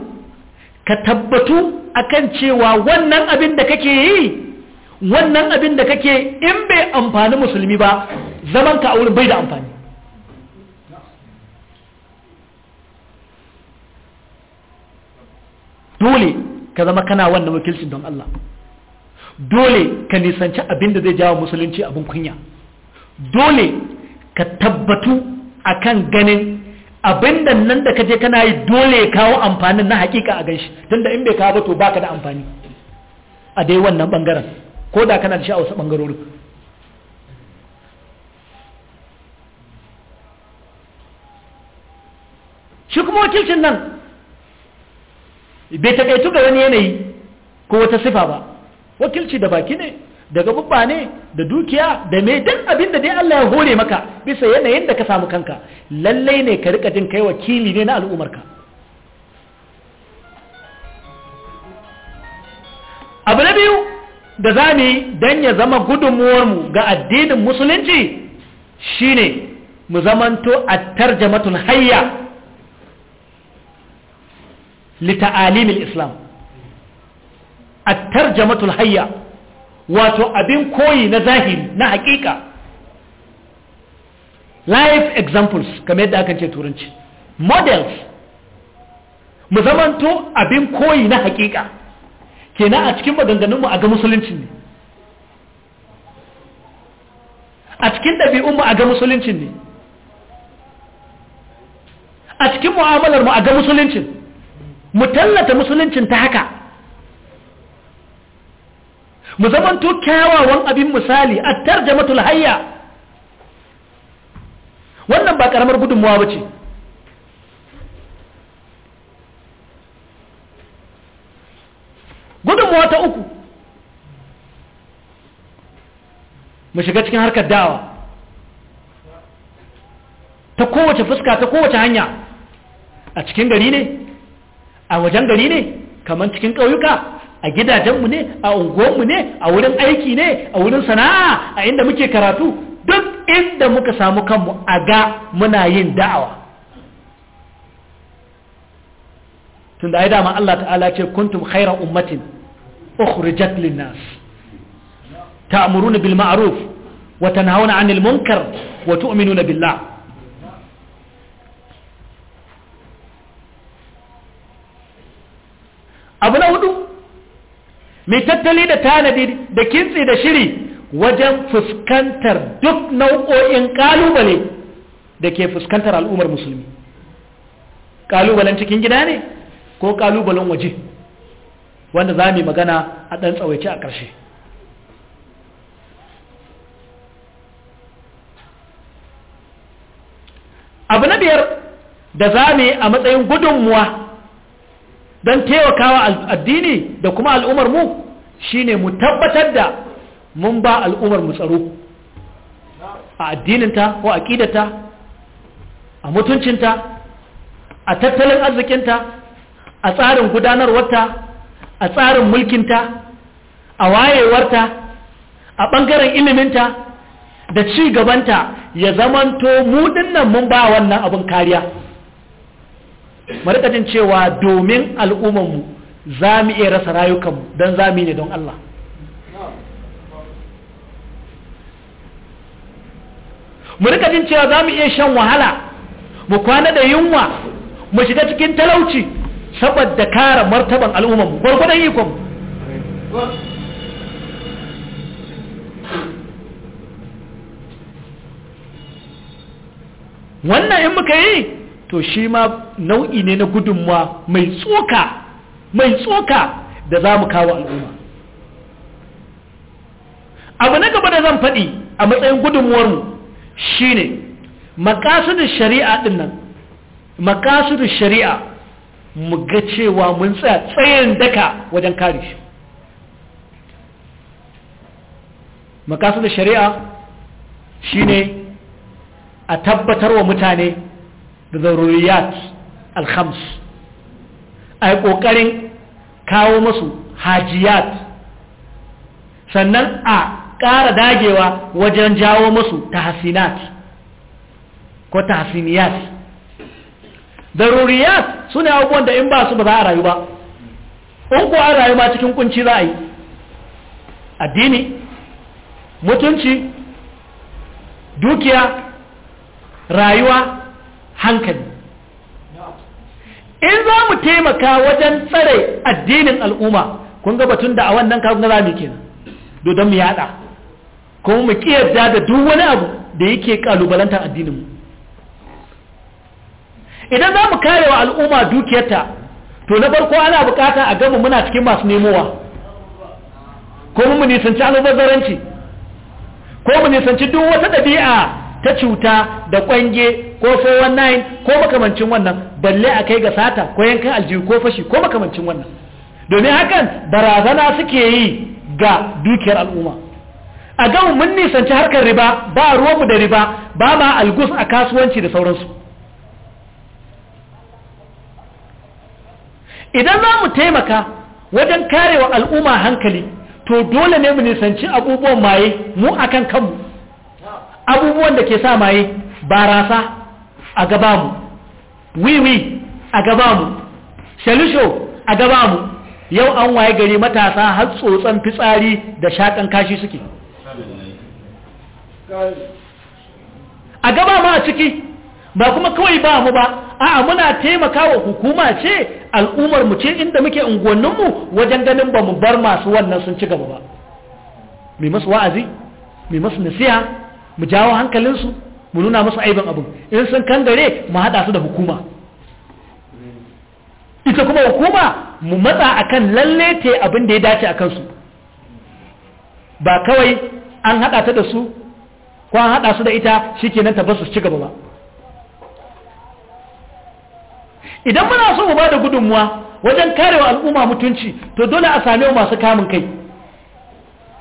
ka tabbatu akan cewa wannan abin da kake yi wannan abin da kake in bai amfani musulmi ba zaman ka a wurin bai da amfani dole ka zama kana wannan wakilcin don Allah dole ka nisanci abin da zai jawo musulunci abin kunya dole ka tabbatu a kan ganin abin da nan da ka je kana yi dole ya kawo amfanin na hakika a ganshi da in bai kawo ba to baka da amfani a dai wannan bangaren ko da kana da shi a wasu bangarorin shi kuma wakilcin nan bai takaitu ga wani yanayi ko wata sifa ba wakilci da baki ne Daga gabubba ne da dukiya da me duk abin da dai Allah ya hore maka bisa yanayin da ka samu kanka lallai ne ka rika jin kai wakili ne na al'ummarka. abu na biyu da za mu yi don ya zama mu ga addinin musulunci shine mu zamanto a tarjamatun hayya lita'alimin islam a tarjamatun hayya wato abin koyi na zahiri na hakika life examples kamar yadda aka ce turanci models mu zamanto abin koyi na hakika kenan a cikin maganganunmu a ga musulunci ne a cikin ɗabi'unmu a ga musulunci ne a cikin mu'amalarmu a ga musulunci mu tallata musuluncin ta haka mu zamanto kyawawan abin misali a tarjamatul hayya wannan ba karamar gudunmuwa ba ce gudunmuwa ta uku mu shiga cikin harkar dawa ta kowace fuska ta kowace hanya a cikin gari ne a wajen gari ne kamar cikin ƙauyuka a gidajenmu ne a unguwanmu ne a wurin aiki ne a wurin sana'a a inda muke karatu duk inda muka samu kanmu a ga muna yin da'awa tun da ai dama Allah ta'ala ce kuntum khaira ummatin ukhrijat linnas ta'muruna bil ma'ruf wa tanhauna 'anil munkar wa tu'minuna billah abu hudu mai tattali da tanadi da kintsi da shiri wajen fuskantar duk nau'o'in kalubale da ke fuskantar al'ummar musulmi kalubalen cikin gida ne ko kalubalen waje wanda za mu magana a ɗan tsawaice a ƙarshe abu na biyar da za mu yi a matsayin gudunmuwa don taimakawa addini da kuma al'ummar mu shine mu tabbatar da mun ba al'ummar mu tsaro a addininta ko aqidarta a mutuncinta a tattalin arzikinta a tsarin gudanarwarta a tsarin mulkinta a wayewarta a ɓangaren iliminta da ci gabanta ya zamanto mu dinnan mun ba wannan abin kariya marikacin cewa domin al'ummanmu za mu iya rasa rayukanmu don za mu ne don Allah marikacin cewa za mu iya shan wahala mu kwana da yunwa mu shiga cikin talauci saboda kara martaban al'ummanmu gwargwadon ikonmu wannan in muka yi to shi ma nau'i ne na gudunmuwa mai tsoka mai tsoka da za mu kawo al'umma abu na gaba da zan faɗi a matsayin gudunmuwarmu shi ne makasudin shari'a ɗin nan makasudin shari'a mu ga cewa mun tsaya tsayin daka wajen kare shi makasudin shari'a shi ne a tabbatar wa mutane da zaruriyat alhams a yi ƙoƙarin kawo musu hajiyat sannan a ƙara dagewa wajen jawo masu tahsinat ko tahsiniyat zaruriyat su ne abubuwan da in ba su ba za a rayu ba in ko an rayu ma cikin kunci za a yi addini mutunci dukiya rayuwa hankali in za mu taimaka wajen tsare addinin al'umma kun ga batun da a wannan kagun za mu kenan dodon mu yada kuma mu kiyarda da duk wani abu da yake kalubalantar addininmu idan za mu kare wa al'umma dukiyarta to na farko ana bukata a gama muna cikin masu nemowa ko mu nisanci albazaranci ko mu nisanci duk wata ɗabi'a ta cuta da kwange ko 419 ko makamancin wannan balle a kai ga sata ko yankan aljihu ko fashi ko makamancin wannan domin hakan barazana suke yi ga dukiyar al'umma a ga mun nisanci harkar riba ba ruwanmu da riba ba ma algus a kasuwanci da sauransu idan za mu taimaka wajen karewa al'umma hankali to dole ne mu nisanci abubuwan maye mu akan kanmu abubuwan da ke sa maye barasa a gabamu wiwi a gabamu shalisho a gabamu yau an waye gari matasa har tsotson fitsari da shakan kashi suke a gaba ma a ciki ba kuma kawai ba mu ba a muna taimakawa hukuma ce al'ummar mu ce inda muke unguwanninmu wajen ganin ba mu bar masu wannan sun ci gaba ba mai masu wa'azi mai masu nasiya mu jawo hankalinsu mu nuna musu aibin abin in sun kangare mu haɗa su da hukuma ita kuma hukuma mu matsa akan lalle te abin da ya dace a kansu ba kawai an haɗa ta da su ko an haɗa su da ita shikenan ta basu ci gaba ba idan muna so mu ba da gudunmuwa wajen karewa al'umma mutunci to dole a same masu kamun kai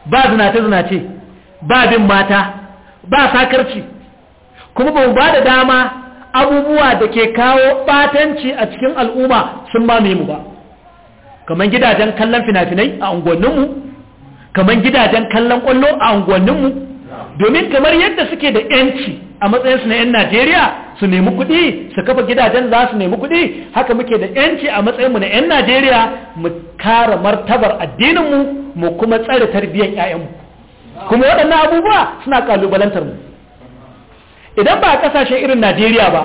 ba zinace-zinace ba bin mata ba sakarci kuma ba ba da dama abubuwa da ke kawo batanci a cikin al'umma sun ba mu ba kamar gidajen kallon fina-finai a unguwanninmu kamar gidajen kallon kwallo a unguwanninmu domin kamar yadda suke da yanci a matsayinsu na 'yan najeriya su nemi kuɗi su kafa gidajen za su nemi kuɗi haka muke da yanci a matsayinmu na 'yan najeriya mu kara martabar addininmu mu kuma tsare tarbiyyar 'ya'yanmu kuma waɗannan abubuwa suna ƙalubalantar mu idan ba a kasashe irin najeriya ba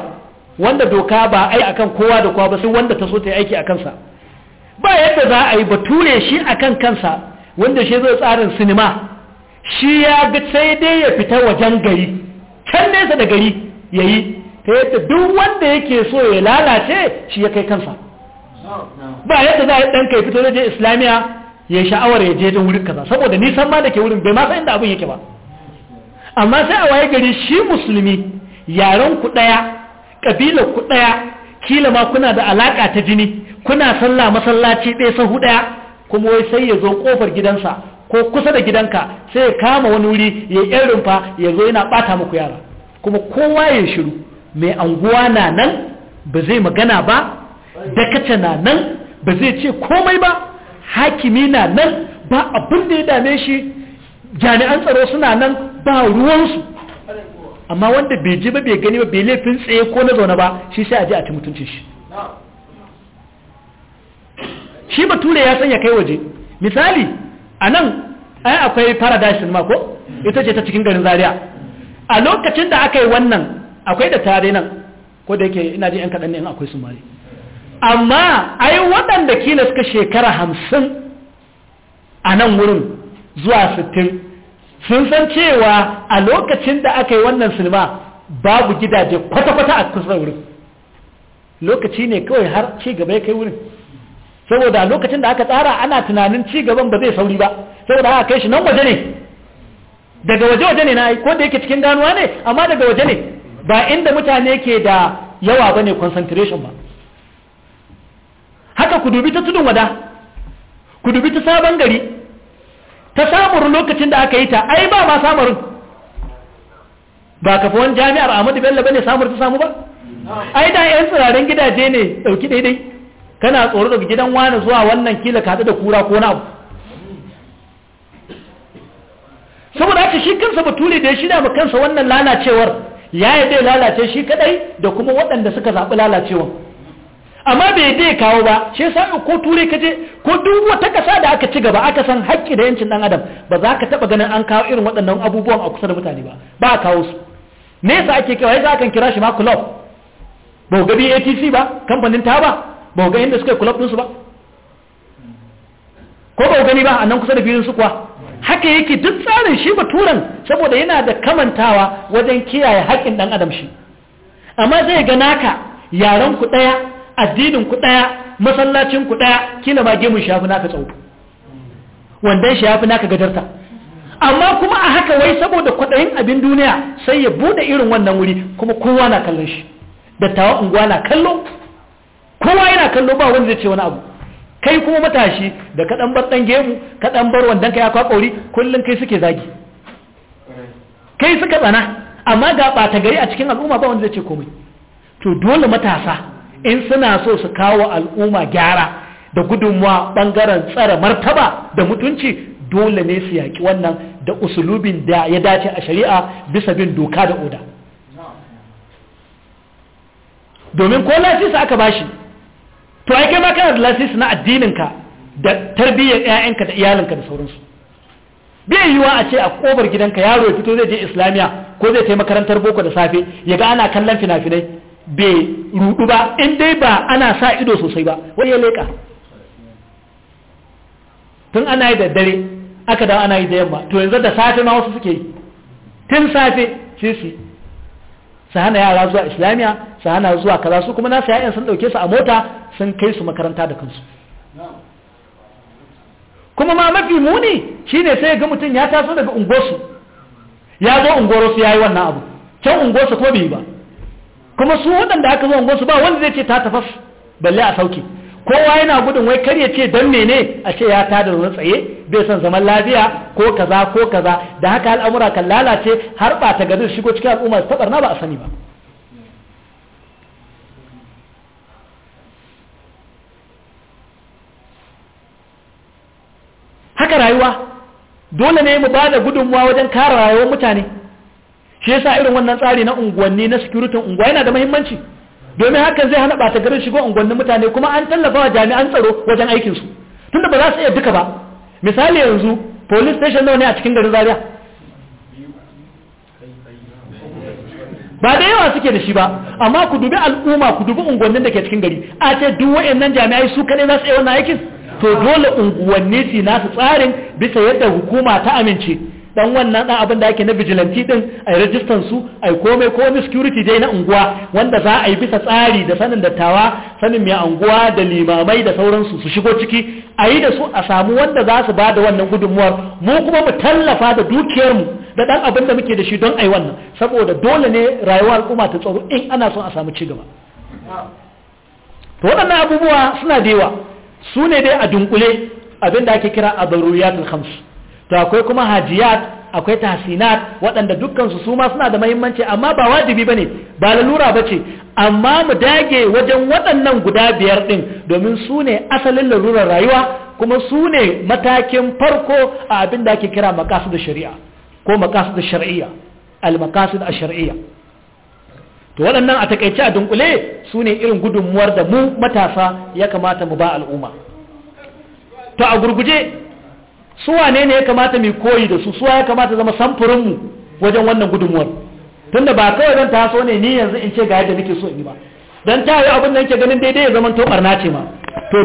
wanda doka ba ai akan kowa da kowa ba sai wanda ta so ta yi aiki a kansa ba yadda za a yi ba bature shi akan kansa wanda shi zai tsarin sinima shi ya ga sai dai ya fita wajen gari can nesa da gari ya yi ta yadda duk wanda yake so ya lalace shi ya kai kansa ba yadda za a yi ɗanka ya fito da je islamiya ya sha'awar ya je jin wurin kaza saboda nisan ma da ke wurin bai ma san inda abin yake ba amma sai a waye gari shi musulmi yaren ku ɗaya kabilar ku ɗaya kila ma kuna da alaƙa ta jini kuna sallah masallaci ɗaya sahu ɗaya kuma wai sai ya zo ƙofar gidansa ko kusa da gidanka sai ya kama wani wuri ya yi rumfa ya zo yana bata muku yara kuma kowa ya shiru mai anguwa na nan ba zai magana ba dakace na nan ba zai ce komai ba hakimi na nan ba abin da ya dame shi jami'an tsaro suna nan ba ruwansu amma wanda bai je ba bai gani ba bai laifin tsaye ko na zaune ba shi sai a je a ci mutuncin shi shi bature ya sanya kai waje misali a nan ai akwai paradise ma ko ita ce ta cikin garin zaria a lokacin da aka yi wannan akwai da tare nan ko da yake ina ji yan kaɗan ne in akwai sumari amma ai waɗanda kila suka shekara hamsin a nan wurin zuwa sittin sun san cewa a lokacin da aka yi wannan sinima babu gidaje kwata-kwata a kusa wurin lokaci ne kawai har ci ya kai wurin saboda lokacin da aka tsara ana tunanin cigaban ba zai sauri ba saboda aka kai shi nan waje ne daga waje-waje ne na ko da yake cikin ganuwa ne amma daga waje ne ba inda mutane ke da yawa ba ne concentration ba haka ku dubi ta tudun wada ku dubi ta sabon gari ta samurin lokacin da aka yi ta ai ba ma samurin ba wani jami'ar ahmadu bello bane samur ta samu ba ai da yan tsirarin gidaje ne dauki daidai kana tsoro daga gidan wani zuwa wannan kila ka da kura ko na saboda haka shi kansa bature da ya shirya kansa wannan lalacewar ya yi dai lalace shi kadai da kuma waɗanda suka zaɓi lalacewar. amma bai dai kawo ba shi yasa ko turai ka je ko duk wata kasa da aka ci gaba aka san haƙƙi da yancin dan adam ba za ka taba ganin an kawo irin waɗannan abubuwan a kusa da mutane ba ba a kawo su me yasa ake kewa yasa akan kira shi ma club ba ga BATC ba kamfanin ta ba ba ga inda suka yi club ɗinsu ba ko ba gani ba a nan kusa da filin su kuwa haka yake duk tsarin shi turan saboda yana da kamantawa wajen kiyaye haƙƙin dan adam shi amma zai ga naka yaran ku ɗaya addinin ku daya masallacin ku daya kila ma gemun shafi naka tsawo wandan shafi naka gajarta amma kuma a haka wai saboda kwaɗayin abin duniya sai ya bude irin wannan wuri kuma kowa na kallon shi dattawa unguwa na kallo kowa yana kallo ba wanda zai ce wani abu kai kuma matashi da ka bar dan gemu kaɗan dan bar wandan ka ya kwa kauri kullun kai suke zagi kai suka tsana amma ga ɓata gari a cikin al'umma ba wanda zai ce komai to dole matasa in suna so su kawo al'umma gyara da gudunmuwa bangaren tsara martaba da mutunci dole ne su yaƙi wannan da usulubin da ya dace a shari'a bisa bin doka da oda domin ko lasisi aka bashi to ai kai ma kana da lasisi na addininka da tarbiyyar 'ya'yanka da iyalinka da sauransu bai yiwuwa a ce a kobar gidanka yaro ya fito zai je islamiya ko zai taimakarantar boko da safe ya ga ana kallon fina-finai bai rudu ba in dai ba ana sa ido sosai ba wai ya leka tun ana yi da dare aka dawo ana yi da yamma to yanzu da safe ma wasu suke yi tun safe sai su hana yara zuwa islamiya su hana zuwa kaza su kuma nasu yayan sun dauke su a mota sun kai su makaranta da kansu kuma ma mafi muni shine sai ga mutum ya taso daga su ya zo ungoro ya yi wannan abu can su ko bai yi ba kuma su waɗanda aka zo unguwarsu ba wanda zai ce ta tafas balle a sauki kowa yana gudun wai kar ya ce dan mene a ce ya ta da ruwan tsaye bai san zaman lafiya ko kaza ko kaza da haka al'amura kan lalace har ba ta garin shigo cikin al'umma su taɓarna ba a sani ba haka rayuwa dole ne mu ba da gudunmuwa wajen kare rayuwar mutane shi yasa irin wannan tsari na unguwanni na security unguwa yana da muhimmanci domin hakan zai hana bata garin shigo unguwannin mutane kuma an tallafa wa jami'an tsaro wajen aikin su tunda ba za su iya duka ba misali yanzu police station nawa ne a cikin garin zaria ba da yawa suke da shi ba amma ku dubi al'umma ku dubi unguwannin da ke cikin gari a ce duk wayannan jami'ai su kadai za su iya wannan aikin to dole unguwanni su nasu tsarin bisa yadda hukuma ta amince don wannan ɗan abin da ake na vigilante din a rajistan su a yi komai ko wani security dai na unguwa wanda za a yi bisa tsari da sanin dattawa sanin mai unguwa da limamai da sauransu su shigo ciki a yi da su a samu wanda za su ba da wannan gudunmuwar mu kuma mu tallafa da dukiyar mu da ɗan abin da muke da shi don a yi wannan saboda dole ne rayuwar al'umma ta tsaro in ana son a samu ci gaba to waɗannan abubuwa suna da yawa su ne dai a dunkule abin da ake kira a baruriyatul khamsu to akwai kuma hajiyat akwai tahsinat waɗanda dukkansu su ma suna da mahimmanci, amma ba wajibi bane ba lalura bace amma mu dage wajen waɗannan guda biyar din domin su ne asalin lalurar rayuwa kuma su ne matakin farko a abin da ake kira maqasid shari'a ko maqasid shar'iyya al maqasid shariyya to waɗannan a takaice a dunkule su ne irin gudunmuwar da mu matasa ya kamata mu ba al'umma to a gurguje su wane ne ya kamata mu koyi da su suwa ya kamata zama samfurin mu wajen wannan gudunmuwar tunda ba kawai zan taso ne ni yanzu in ce ga yadda nake so in yi ba dan ta yi abin da nake ganin daidai ya zama to barna ce ma